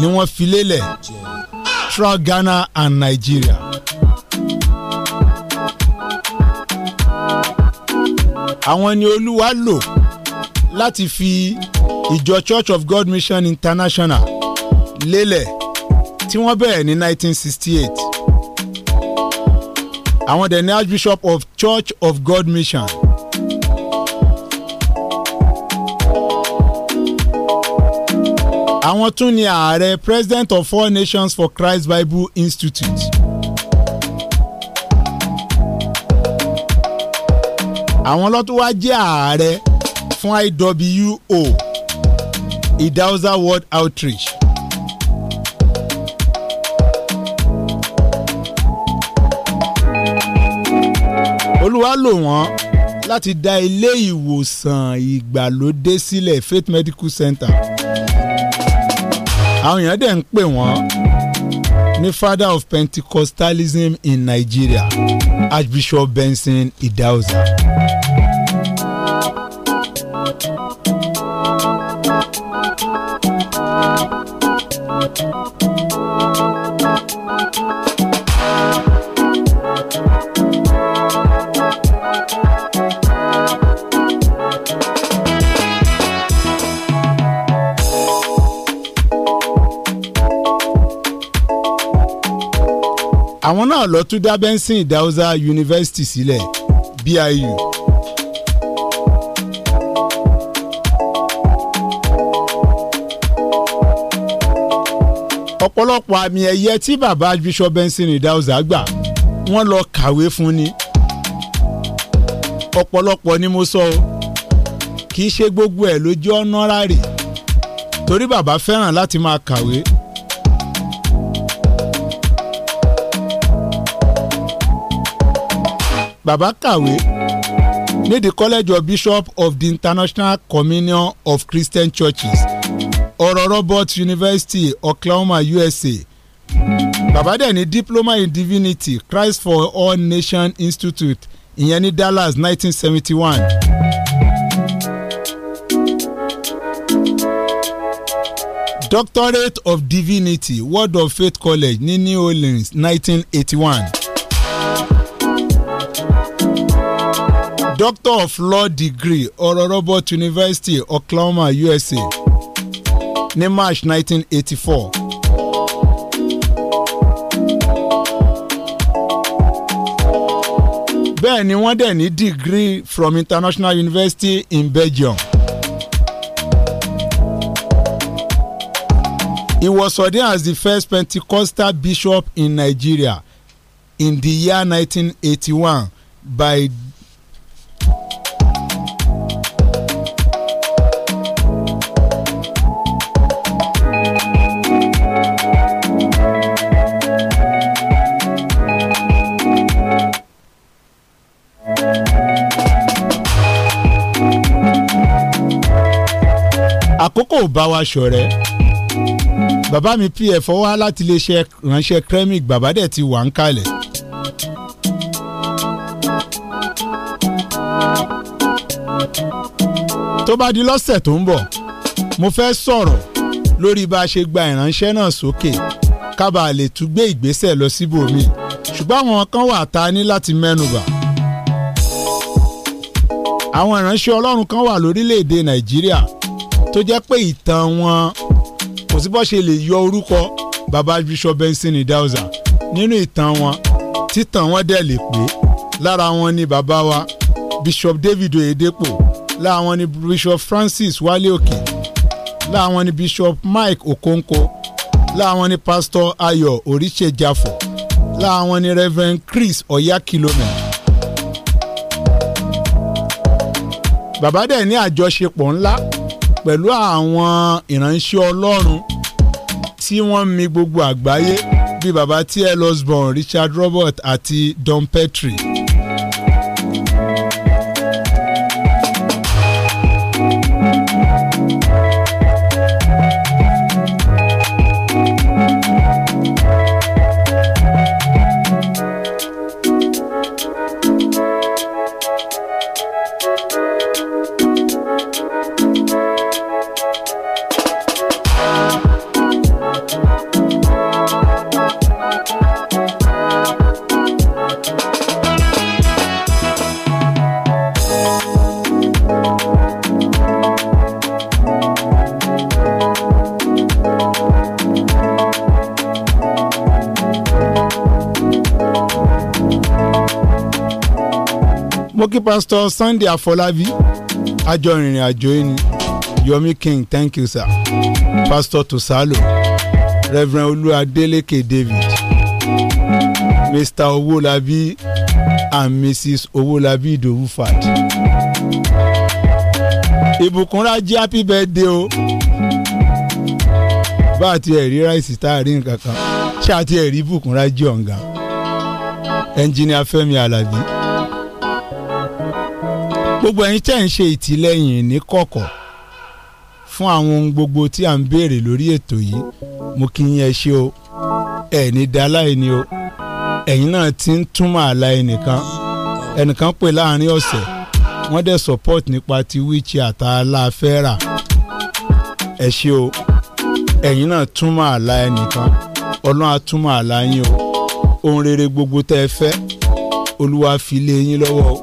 ni wọ́n fi lélẹ̀ throughout Ghana and Nigeria. àwọn ni olúwa lò láti fi ìjọ Church of God Mission International lélẹ̀ tí wọ́n bẹ̀rẹ̀ ní 1968 àwọn the ní bishop of church of god mission. àwọn tún ni ààrẹ president of four nations for christ bible institute. àwọn lọ́tún wá jẹ́ ààrẹ fún iwo ìdáhùsá world outreach. olúwa lò wọ́n láti dá ilé ìwòsàn ìgbàlódé sílẹ̀ faith medical center àwọn èèyàn dẹ̀ ń pè wọ́n ní father of pentecostalism in nigeria archbishop benson idahosa. thank you àwọn náà lọ tún dá benson idahosa university sílẹ̀ BIU. ọ̀pọ̀lọpọ̀ àmì ẹ̀yẹ tí bàbá bishop benson idahosa gbà wọ́n lọ kàwé fún ni ọ̀pọ̀lọpọ̀ ni mo sọ o kì í ṣe gbogbo ẹ̀ ló ọ̀nà rárẹ̀ torí bàbá fẹ́ràn láti máa kàwé. bàbá kàwé ní the college of bishops of the international communion of christian churches ọ̀rọ̀ robert university oklahoma usa bàbá dẹ̀ ní diploma in divinity christ for all nations institute ìyẹn ní dallas 1971. doctorate of divinity world of faith college ní new orleans 1981. doctor of law degree ọ̀rọ̀ Robert University Oklahoma USA ní March 1984. bẹ́ẹ̀ ni wọ́n dẹ̀ ní degree from International University in Belgium. He was ordained as the first Pentecostal bishop in Nigeria in the year 1981 by àkókò ò bá wa ṣọ̀rẹ́ bàbá mi pf wá láti iléeṣẹ́ ránṣẹ́ kremik bàbá dẹ̀ ti wà ń kalẹ̀. tó bá di lọ́sẹ̀ tó ń bọ̀ mo fẹ́ sọ̀rọ̀ lórí bá a ṣe gba ìránṣẹ́ náà sókè ká bàa lè tún gbé ìgbésẹ̀ lọ síbòmí ṣùgbọ́n àwọn kan wà tá a láti mẹ́nubà. àwọn ìránṣẹ́ ọlọ́run kan wà lórílẹ̀‐èdè nàìjíríà tó jẹ́ pé ìtàn wọn kò sí bó ṣe lè yọ orúkọ baba Bishop Benson Idahosa nínú ìtàn wọn títàn wọn dẹ̀ lè pé lára wọn ni bàbá wa Bishop David Oyedepo lára wọn ni Bishop Francis Wale Oke lára wọn ni Bishop Mike Okonko lára wọn ni Pastor Ayọ̀ Oríṣẹ́ Jafọ̀ lára wọn ni Reverend Chris Oyakilome. bàbá dẹ̀ ní àjọṣepọ̀ ńlá pẹ̀lú àwọn ìránṣẹ́ ọlọ́run tí wọ́n mi gbogbo àgbáyé bíi baba T.L. Osborn Richard Robert àti Don Petrie. mo Pastor pásítọ̀ Sunday Afọlábí àjọ ìrìn àjò yìí ni Yomi King thank you sir Pastor Tosalo Reverend Olúwadeleke David Mr Owolabi and Mrs Owolabi Idowu Fad ìbùkúnra jí happy birthday o bá a ti ẹ̀rí ráìsì tá a rí nǹkan kan ṣé a ti ẹ̀rí ìbùkúnra jí ọ̀ǹgà ẹnjìnìà Fẹ́mi Alábí gbogbo ẹ̀yin tẹ́ ń ṣe ìtìlẹ́yìn ní kọ̀kọ̀ fún àwọn ohun gbogbo tí à ń béèrè lórí ètò yìí mo kí yín ẹ ṣé o ẹ̀ ní da aláìní o ẹ̀yin náà ti ń túmọ̀ àlà ẹnìkan ẹnìkan pè láàrin ọ̀sẹ̀ wọ́n dẹ̀ support nípa ti wíìchì àtàlà fẹ́ra ẹ ṣé o ẹ̀yin náà túmọ̀ àlà ẹnìkan ọlọ́run á túmọ̀ àlà yín o ohun rere gbogbo tẹ́ ẹ fẹ́ olúwa fi lé yín lọ́wọ́ o.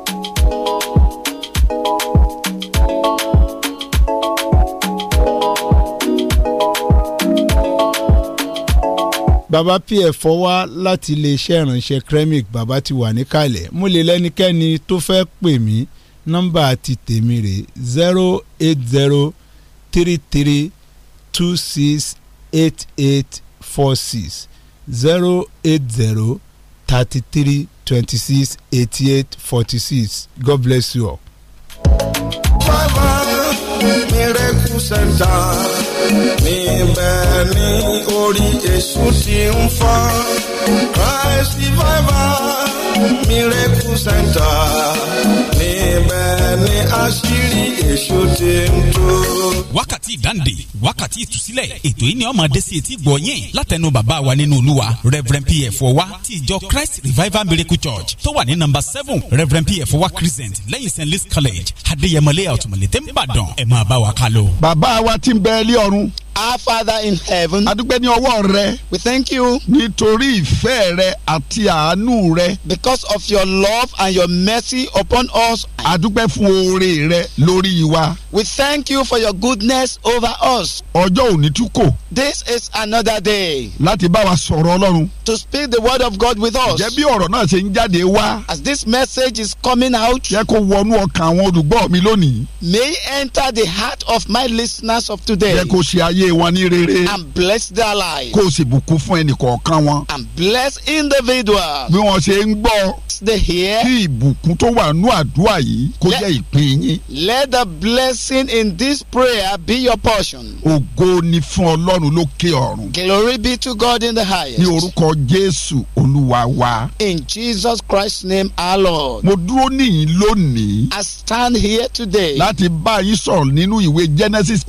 baba pf wá láti iléeṣẹ́ ìrànṣẹ́ kremik baba ti wà níkàlẹ̀ mo lè lẹ́nikẹ́ni tó fẹ́ pè mí nọ́mbà ti tèmi rè zero eight zero three three two six eight eight four six zero eight zero thirty three twenty six eighty eight forty six God bless you all miracle center níbẹ̀ ní orí èṣù ti ń fọ́ christ revival miracle center níbẹ̀ ní àṣírí èṣù ti ń tó. wákàtí ìdáǹdè wákàtí ìtúsílẹ̀ ètò yìí ni ó máa dé sí etí gbọ̀ yín látẹnu bàbá wa nínú olúwa reverend pf wa ti ìjọ christ revival miracle church tó wà ní nọ́mbà seven reverend pf wa crescent lẹ́yìn st louis college adéyẹmọlẹ́ àtùmọ̀lẹ́ tẹ́ ń bàdàn ẹ̀ máa bá wa kálọ. bàbá wa ti ń bẹ ilé ọ̀run Our Father in heaven. A dúpẹ́ ní ọwọ́ rẹ. We thank you. Nítorí ìfẹ́ rẹ àti àánú rẹ. Because of your love and your mercy upon us. A dúpẹ́ fún oore rẹ lórí wa. We thank you for your good goodness over us. ọjọ́ òní tún kò. this is another day. láti bá wa sọ̀rọ̀ ọlọ́run. to speak the word of God with us. jẹ́ bí ọ̀rọ̀ náà ṣe ń jáde wá. as this message is coming out. jẹ́ kó wọnú ọkàn àwọn olùgbọ́ mi lónìí. may enter the heart of my listeners of today. jẹ́ kó ṣe ayé wọn ní rere. and bless their lives. kó o sì bùkún fún ẹnì wọn. and bless individuals. bí wọ́n ṣe ń gbọ́. they hear. kí ìbùkún tó wà nú àdúrà yìí kó jẹ́ ìpín yín. let the blessing in this prayer be your portion. ògo ni fún ọlọ́run lókè ọ̀run. glory be to God in the highest. ní orúkọ jésù olúwa wa. in Jesus Christ's name our Lord. mo dúró níyìn lónìí. I stand here today. láti bá yín sọ̀rọ̀ nínú ìwé Genesis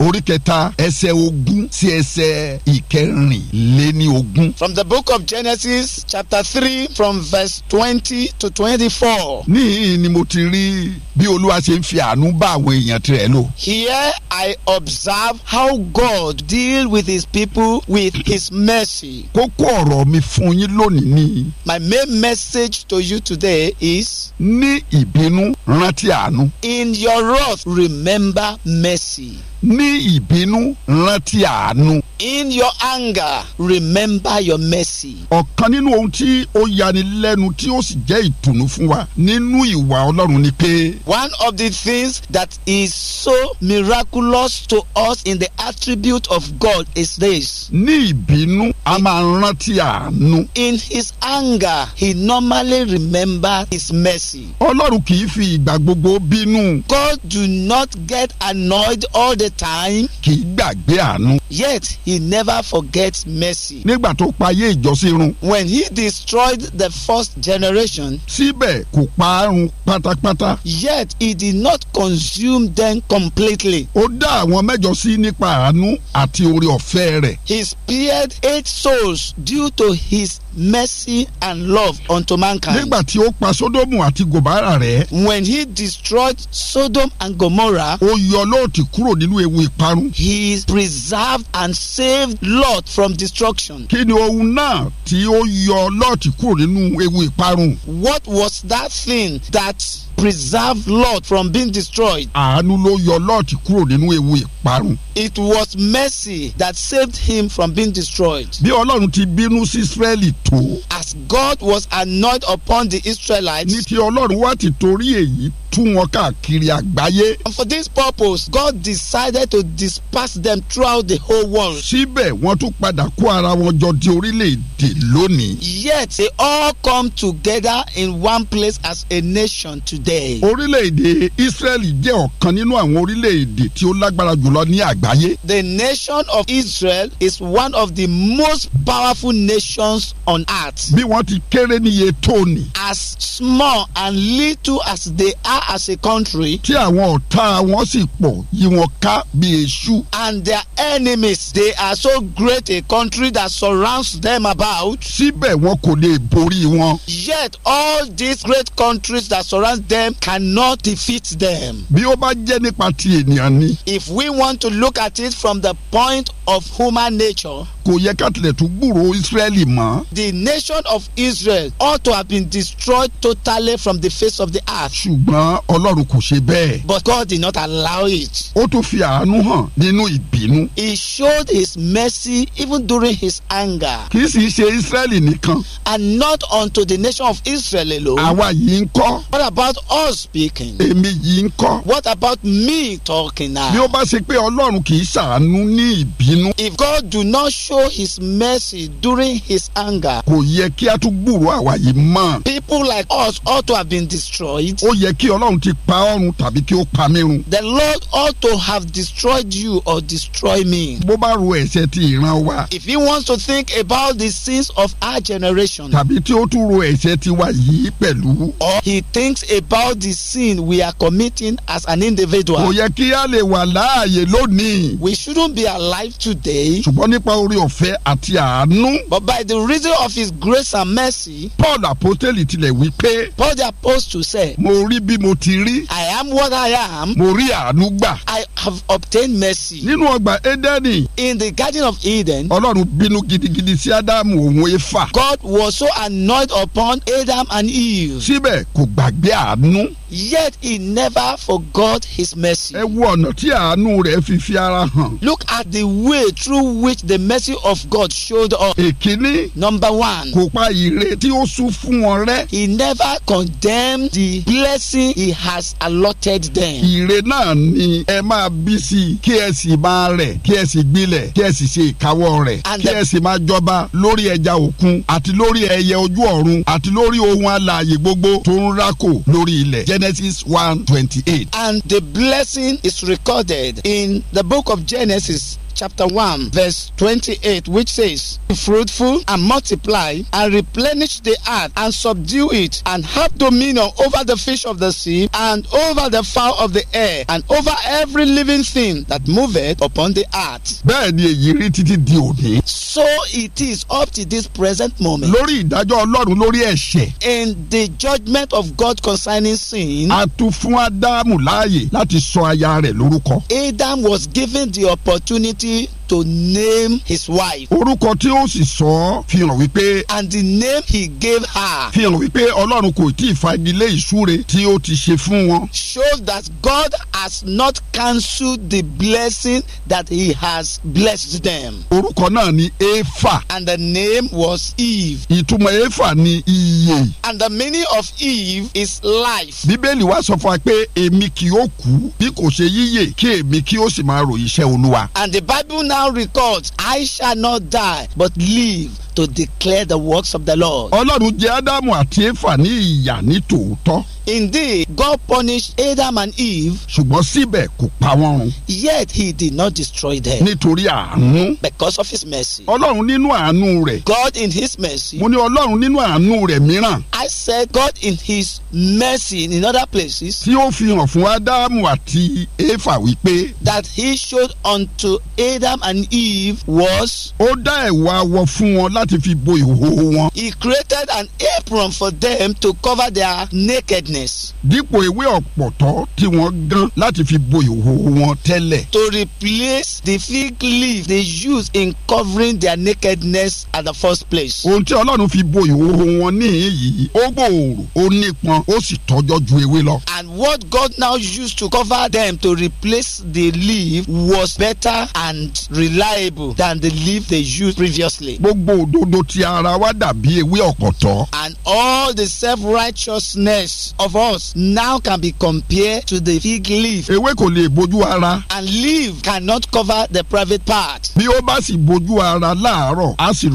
ẹsẹ̀ ogún sí ẹsẹ̀ ìkẹrìnléní ogún. from the book of Genesis chapter three from verse twenty to twenty-four. níhìn ni mo ti rí bí olúwa ṣe ń fi àánú bá àwọn èèyàn tirẹ̀ lò. here I observe how God deal with his people with his mercy. Kókó ọ̀rọ̀ mi fún yín lónìí ni. My main message to you today is. Ní ìbínú rántí àánú. In your wrath remember mercy ní ìbínú rántí àánú. in your anger remember your mercy. ọ̀kan nínú ohun tí ó yani lẹ́nu tí ó sì jẹ́ ìtùnú fún wa nínú ìwà ọlọ́run ni pé. one of the things that is so miraculous to us in the attribute of God is this. ní ìbínú a máa rántí àánú. in his anger he normally remembers his mercy. ọlọ́run kì í fi ìgbà gbogbo bínú. God do not get annoyed all the time. kì í gbàgbé àánú. yet he never forgets mercy. nígbà tó pa ìjọsìn run. when he destroyed the first generation. síbẹ̀ kò pa pátápátá. yet he did not consume them completely. ó dá àwọn mẹ́jọ sí nípa àánú àti oore ọ̀fẹ́ rẹ̀. he spared eight souls due to his mercy and love unto mankind. nígbà tí ó pa Sódómù àti Gòmárà rẹ̀. when he destroyed Sodom and Gomorrah. ó yọ Lóòtì kúrò nínú ewu ìparun. He preserved and saved Lot from destruction. Kí ni ohun náà tí ó yọ Lot kúrò nínú ewu ìparun? What was that thing that preserve Lord from being destroyed. Àánú ló yọ Lot kúrò nínú ewu ìparun. It was mercy that saved him from being destroyed. Bí Ọlọ́run ti bínú sí Ísírẹ́lì tó. As God was annoyed upon the Israelites. Ní ti Ọlọ́run wá ti torí èyí tú wọn káàkiri àgbáyé. And for this purpose, God decided to disperse them throughout the whole world. Síbẹ̀ wọ́n tún padà kó ara wọn jọ di orílẹ̀-èdè lónìí. Yet they all come together in one place as a nation today united. orílẹ̀-èdè israeli jẹ́ ọ̀kan nínú àwọn orílẹ̀-èdè tí ó lágbára jùlọ ní àgbáyé. the nation of israel is one of the most powerful nations on earth. bí wọ́n ti kéré níye tóní. as small and little as they are as a country. tí àwọn ọ̀tá wọn sì pọ̀ yí wọn ká bí èṣù. and their enemies they are so great a country that surrounds them about. síbẹ̀ wọn kò lè borí wọn. yet all these great countries that surround them them cannot defeat them. bí ó bá jẹ́ nípa ti ènìyàn ni. if we want to look at it from the point of human nature kò yẹ Israeli mọ́. The nation of Israel ought to have been destroyed totally from the face of the earth. ṣùgbọ́n Ọlọ́run kò ṣe bẹ́ẹ̀. But God did not allow it. ó tún fi àánú hàn nínú ìbínú. He showed his mercy even during his anger. kì í sì ṣe Israeli nìkan. And not unto the nation of Israel alone. àwa yìí ń kọ́. What about us speaking? èmi yìí ń kọ́. What about me talking now? bí ó bá ṣe pé Ọlọ́run kì í ṣàánú ní ìbínú. If God do not show show his mercy during his anger. kò yẹ kí a tún àwa yìí mọ́. people like us ought to have been destroyed. ó yẹ kí ọlọ́run ti pa ọ̀run tàbí kí ó pa mí run. the lord ought to have destroyed you or destroy me. bó bá ro ẹ̀ṣẹ̀ ti ìran wa. if he wants to think about the sins of our generation. tàbí tí ó tún ro ẹ̀ṣẹ̀ yìí pẹ̀lú. or he thinks about the sin we are committing as an individual. kò yẹ kí a lè wà láàyè lónìí. we shouldn't be alive today. ṣùgbọ́n nípa orí ọ̀fẹ́ àti àánú. But by the reason of his grace and mercy. Paul apostoli tilẹ̀ wí pé. Paul the apostle said. Mo rí bí mo ti rí. I am what I am. Mo rí àánú gbà. I have obtained mercy. Nínú ọgbà Édẹ́nì. In the garden of Eden. Ọlọ́run bínú gidigidi sí Ádámù òun Éfà. God was so annoyed upon Adam and Eve. Síbẹ̀ kò gbàgbé àánú. Yet he never forgot his mercy. Ẹ wo ọ̀nà tí àánú rẹ̀ fi fi ara hàn. Look at the way through which the mercy mercy of God showed us. Èkíní. Number one. Kò pa ire tí ó sún fún wọn rẹ́. He never condemned the blessing he has allotted them. Ire náà ni ẹ máa bí sí i kí ẹ sì máa rẹ̀ kí ẹ sì gbilẹ̀ kí ẹ sì ṣe ìkáwọ́ rẹ̀ kí ẹ sì máa jọba lórí ẹja òkun àti lórí ẹyẹ ojú ọ̀run àti lórí ohun alààyè gbogbo tó ń rákò lórí ilẹ̀. Genesis one twenty-eight. And the blessing is recorded in the book of Genesis chapter 1, verse 28, which says, Be fruitful and multiply and replenish the earth and subdue it and have dominion over the fish of the sea and over the fowl of the air and over every living thing that moveth upon the earth. So it is up to this present moment. In the judgment of God concerning sin, Adam was given the opportunity Christianity to name his wife. orúkọ tí ó sì sọ fi hàn wípé. and the name he gave her. fi hàn wípé ọlọ́run kò tí ì fagilé ìsúre tí ó ti ṣe fún wọn. shows that God has not cancelled the blessing that he has blessed them. orúkọ náà ni Éfà. and the name was Eve. ìtumọ̀ Éfà ni ìyè. and the meaning of Eve is life. bíbélì wá sọ fún wa pé èmi kì yóò kú bí kò ṣe yíyè kí èmi kì yóò sì máa ròyìn iṣẹ́ olúwa. and the Bible now now records, I shall not die, but live to declare the works of the Lord. Ọlọ́run jẹ Ádámù àti Éfà ní ìyà ní tòótọ́. Indeed, God punished Adam and Eve. Ṣùgbọ́n síbẹ̀ kò pa wọ́n run. Yet he did not destroy them. Nítorí àánú. Because of his mercy. Ọlọ́run nínú àánú rẹ̀. God in his mercy. Mo ní Ọlọ́run nínú àánú rẹ̀ mìíràn. I said God in his mercy in other places. Tí ó fi hàn fún Ádámù àti Éfà wípé. That he showed unto Adam and Eve was. Ó dá ẹ̀wà wọ fún wọn láti. láti fi bo ìhòòhò wọn. He created an apron for them to cover their nakedness. dípò ewé ọ̀pọ̀tọ́ tí wọ́n gán láti fi bo ìhòòhò wọn tẹ́lẹ̀. To replace the fig leaf they used in covering their nakedness at the first place. ohun tí Ọlọ́run fi bo ìhòòhò wọn níhìn yìí ó gbòòrò ó nípọn ó sì tọ́jọ́ ju ewé lọ. And what God now used to cover them to replace the leaf was better and reliable than the leaf they used previously. gbogbo òdodo ti ara wa dàbí ewé ọ̀kọ̀tọ́. and all the self-righteousness of us now can be compared to the fig leaf. ewé kò lè bojú ara. and leaf cannot cover the private part. bí ó bá sì bojú ara láàárọ̀ á sì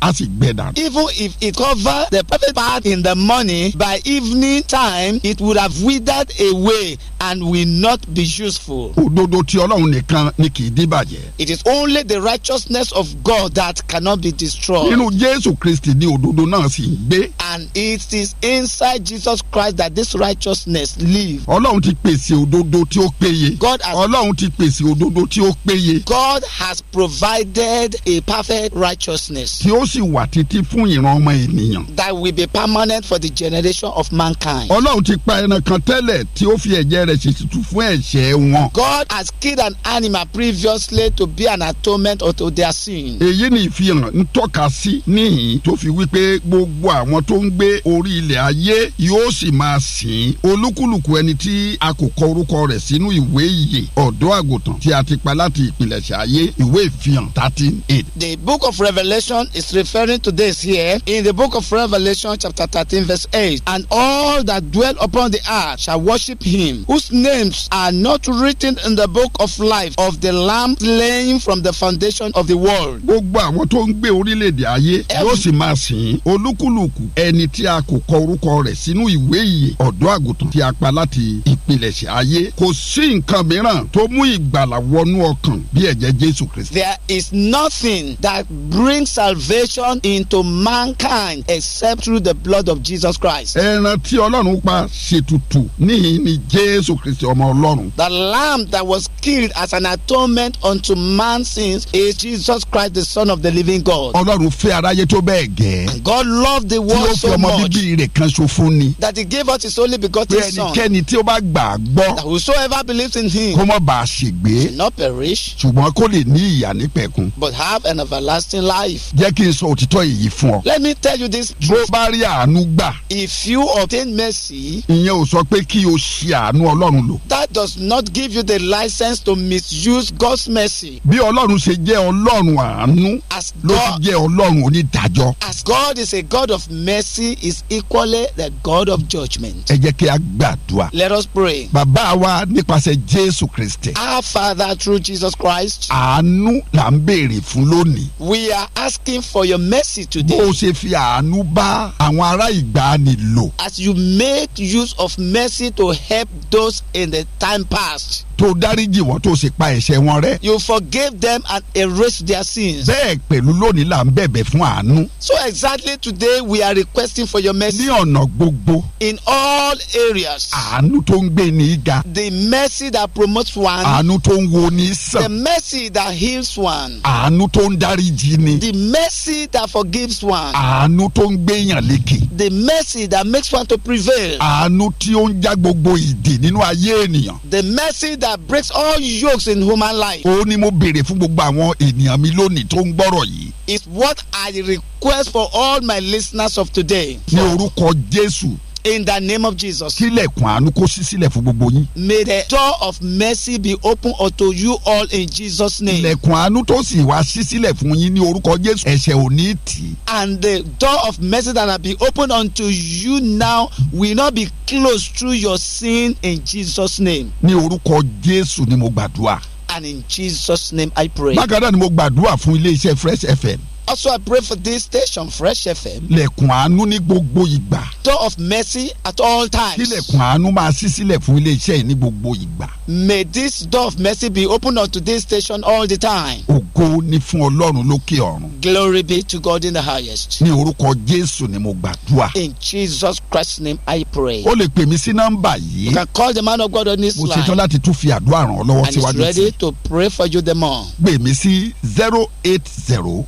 á sì gbẹ dànù. even if it cover the private part in the morning by evening time it would have withered away and will not be useful. òdodo ti ọlọ́run nìkan ni kì í it is only the righteousness of God that cannot be destroyed. God. nínú Jésù Kristi ni òdodo náà sì ń gbé. and it is inside Jesus Christ that this righteousness live. Ọlọ́run ti pèsè òdodo tí ó péye. God has Ọlọ́run ti pèsè òdodo tí ó péye. God has provided a perfect righteousness. tí ó sì wà títí fún ìran ọmọ ènìyàn. that will be permanent for the generation of mankind. Ọlọ́run ti pa ẹran kan tẹ́lẹ̀ tí ó fi ẹ̀jẹ̀ rẹ̀ ṣètùtù fún ẹ̀ṣẹ̀ wọn. God has killed an animal previously to be an atonement unto their sin. èyí ni ìfihàn ń tọ́ka sí níhìn tó fi wípé gbogbo àwọn tó ń gbé orí ilẹ̀ ayé yóò sì máa sìn olúkúlùkù ẹni tí a kò kọ orúkọ rẹ̀ sínú ìwé ìyè ọ̀dọ́ àgùntàn tí a ti pa láti ìpilẹ̀ṣẹ̀ ayé ìwé ìfihàn thirteen eight. The book of Revelation is referring to this here in the book of Revelation chapter thirteen verse eight and all that dwell upon the earth shall worship him whose names are not written in the book of life of the lamb slain from the foundation of the world. gbogbo àwọn tó ń gbé orílẹ̀ orílẹ̀ ayé yóò sì máa sìn olúkúlùkù ẹni tí a kò kọ orúkọ rẹ̀ sínú ìwé ìyè ọ̀dọ́ àgùntàn tí a pa láti ìpilẹ̀ṣẹ̀ ayé kò sí nǹkan mìíràn tó mú ìgbàlà wọnú ọkàn bí ẹ̀jẹ̀ Jésù Kristi. There is nothing that brings salvation into mankind except through the blood of Jesus Christ. ẹran tí Ọlọ́run pa ṣètùtù níhìn ni Jésù Kristi ọmọ Ọlọ́run. The lamb that was killed as an atonement unto man's sins is Jesus Christ the son of the living God. Ọlọ́run òun aráyé tó bẹ́ẹ̀ gẹ́. God loved the world so much. tí ó fi ọmọ bíbí rẹ̀ kan ṣoṣo ni. that he gave us his only begotten son. pé ẹnikẹ́ni tí ó bá gbà á gbọ́. that whosoever believes in him. kó má bàa ṣègbé. should not perish. ṣùgbọ́n kó lè ní ìyà nípẹ̀kun. but have an everlasting life. jẹ́ kí n sọ òtítọ́ èyí fún ọ. let me tell you this. bó bá rí àánú gbà. if you obtain mercy. ìyẹn ò sọ pé kí o ṣe àánú Ọlọ́run lò. that does not give you the license to misuse God's mercy. bí Ọlọ́run ṣe jẹ́ Ọlọ́run àánú. as God ló ti jẹ́ ọ ọlọ́run onídàájọ́. as God is a God of mercy he is equally the God of judgment. ẹ jẹ́ kí a gbàdúrà. let us pray. bàbá wa nípasẹ̀ Jésù Kristi. our father through Jesus Christ. àánú là ń béèrè fún lónìí. we are asking for your mercy today. bó o ṣe fi àánú bá àwọn ará ìgbàanì lò. as you make use of mercy to help those in the time past. tó dáríjì wọ́n tó sì pa ẹ̀ṣẹ̀ wọn rẹ́. you forgive them and erase their sins. bẹ́ẹ̀ pẹ̀lú lónìí là ń bẹ̀bẹ̀ fún àánú. so exactly today we are requesting for your mercy. ní ọ̀nà gbogbo. in all areas. àánú tó ń gbé ni ga. the mercy that promotes one. àánú tó ń wo ni sàn. the mercy that heals one. àánú tó ń dáríjì ni. the mercy that forgives one. àánú tó ń gbéyàn lékè. the mercy that makes one to prevail. àánú tí ó ń já gbogbo ìdè nínú ayé ènìyàn. the mercy that that breaks all yokes in human life. ó ní mo béèrè fún gbogbo àwọn ènìyàn mi lónìí tó ń gbọ́rọ̀ yìí. it's what I request for all my listeners of today. ní orúkọ Jésù in the name of Jesus. kílẹ̀kùn àánú kó sí sílẹ̀ fún gbogbo yín. may the door of mercy be open unto you all in Jesus name. àánú tó sì wá sí sílẹ̀ fún yín ní orúkọ Jésù ẹ̀ṣẹ̀ ò ní tì. and the door of mercy that has been opened unto you now will not be closed through your sin in Jesus name. ní orúkọ Jésù ni mo gbàdúrà. and in Jesus name I pray. bákan náà ni mo gbàdúrà fún ilé iṣẹ́ Fresh FM. Also, I pray for this station, Fresh FM. Lẹ̀kùn àánú ní gbogbo ìgbà. Door of mercy at all times. Kílẹ̀kùn àánú máa ṣí sílẹ̀ fún iléeṣẹ́ yìí ní gbogbo ìgbà. May this door of mercy be open unto this station all the time. Ògo ni fún Ọlọ́run lókè ọ̀run. Glory be to God in the highest. Ní orúkọ Jésù ni mo gbàdúrà. In Jesus Christ's name I pray. O lè pè mí sí nọ́mbà yìí. You can call the man of God on this line. Mo ṣetán láti tún fi àdúrà ràn ọ́ lọ́wọ́ síwájú sí. And he's ready to pray for you the more. Pè mí sí zero eight zero.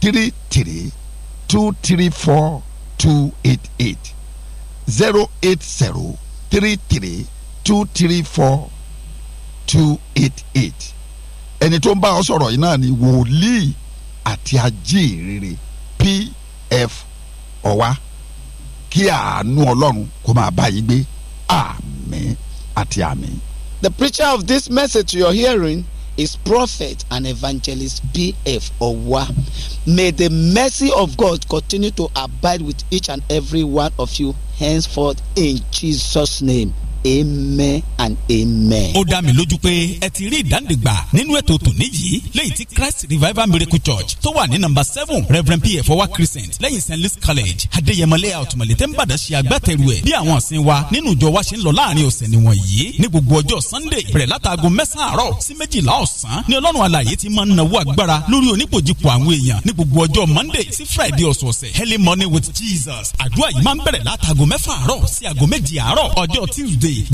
three three two three four two eight eight zero eight zero three three two three four two eight eight ẹni tó ń bá ọ sọ̀rọ̀ yìí náà ni wòlíì àti ajíhìnrere pf ọ̀wá kí àánú ọlọ́run kó máa bá yín gbé àti The preacher of this message you are hearing is prophet and evangelist B.F. Owa. May the mercy of God continue to abide with each and every one of you henceforth in Jesus' name amen and amen. ó dá mi lójú pé ẹ ti rí ìdánidìgbà nínú ètò tòní yìí lẹ́yìn tí christ revival miracle church tó wà ní nàmbà seven reverend pf ọwá crescent lẹ́yìn st louis college adéyẹmọlẹ́ àtùmọ̀lẹ́ tẹ́ ń bàdá ṣe agbátẹrù ẹ̀ bí àwọn ọ̀sìn wa nínú ìjọ wa ṣe ń lọ láàrin ọ̀sẹ̀ nìwọ̀n yìí ní gbogbo ọjọ́ sunday bẹ̀rẹ̀ látàgò mẹ́sàn-án àárọ̀ sí méjìlá ọ̀sán ní ọlọ́run alààyè ti máa ń nawó agbára lórí oníkòjìpò àwọn èèyàn ní gbogbo ọjọ́ monday sí friday ọ̀sọ̀ọ̀sẹ̀ early morning with jesus àdúrà yìí máa ń bẹ̀rẹ̀ látàgò mẹ́fà àárọ̀ sí àgò méjì àárọ̀ ọjọ́ tuesday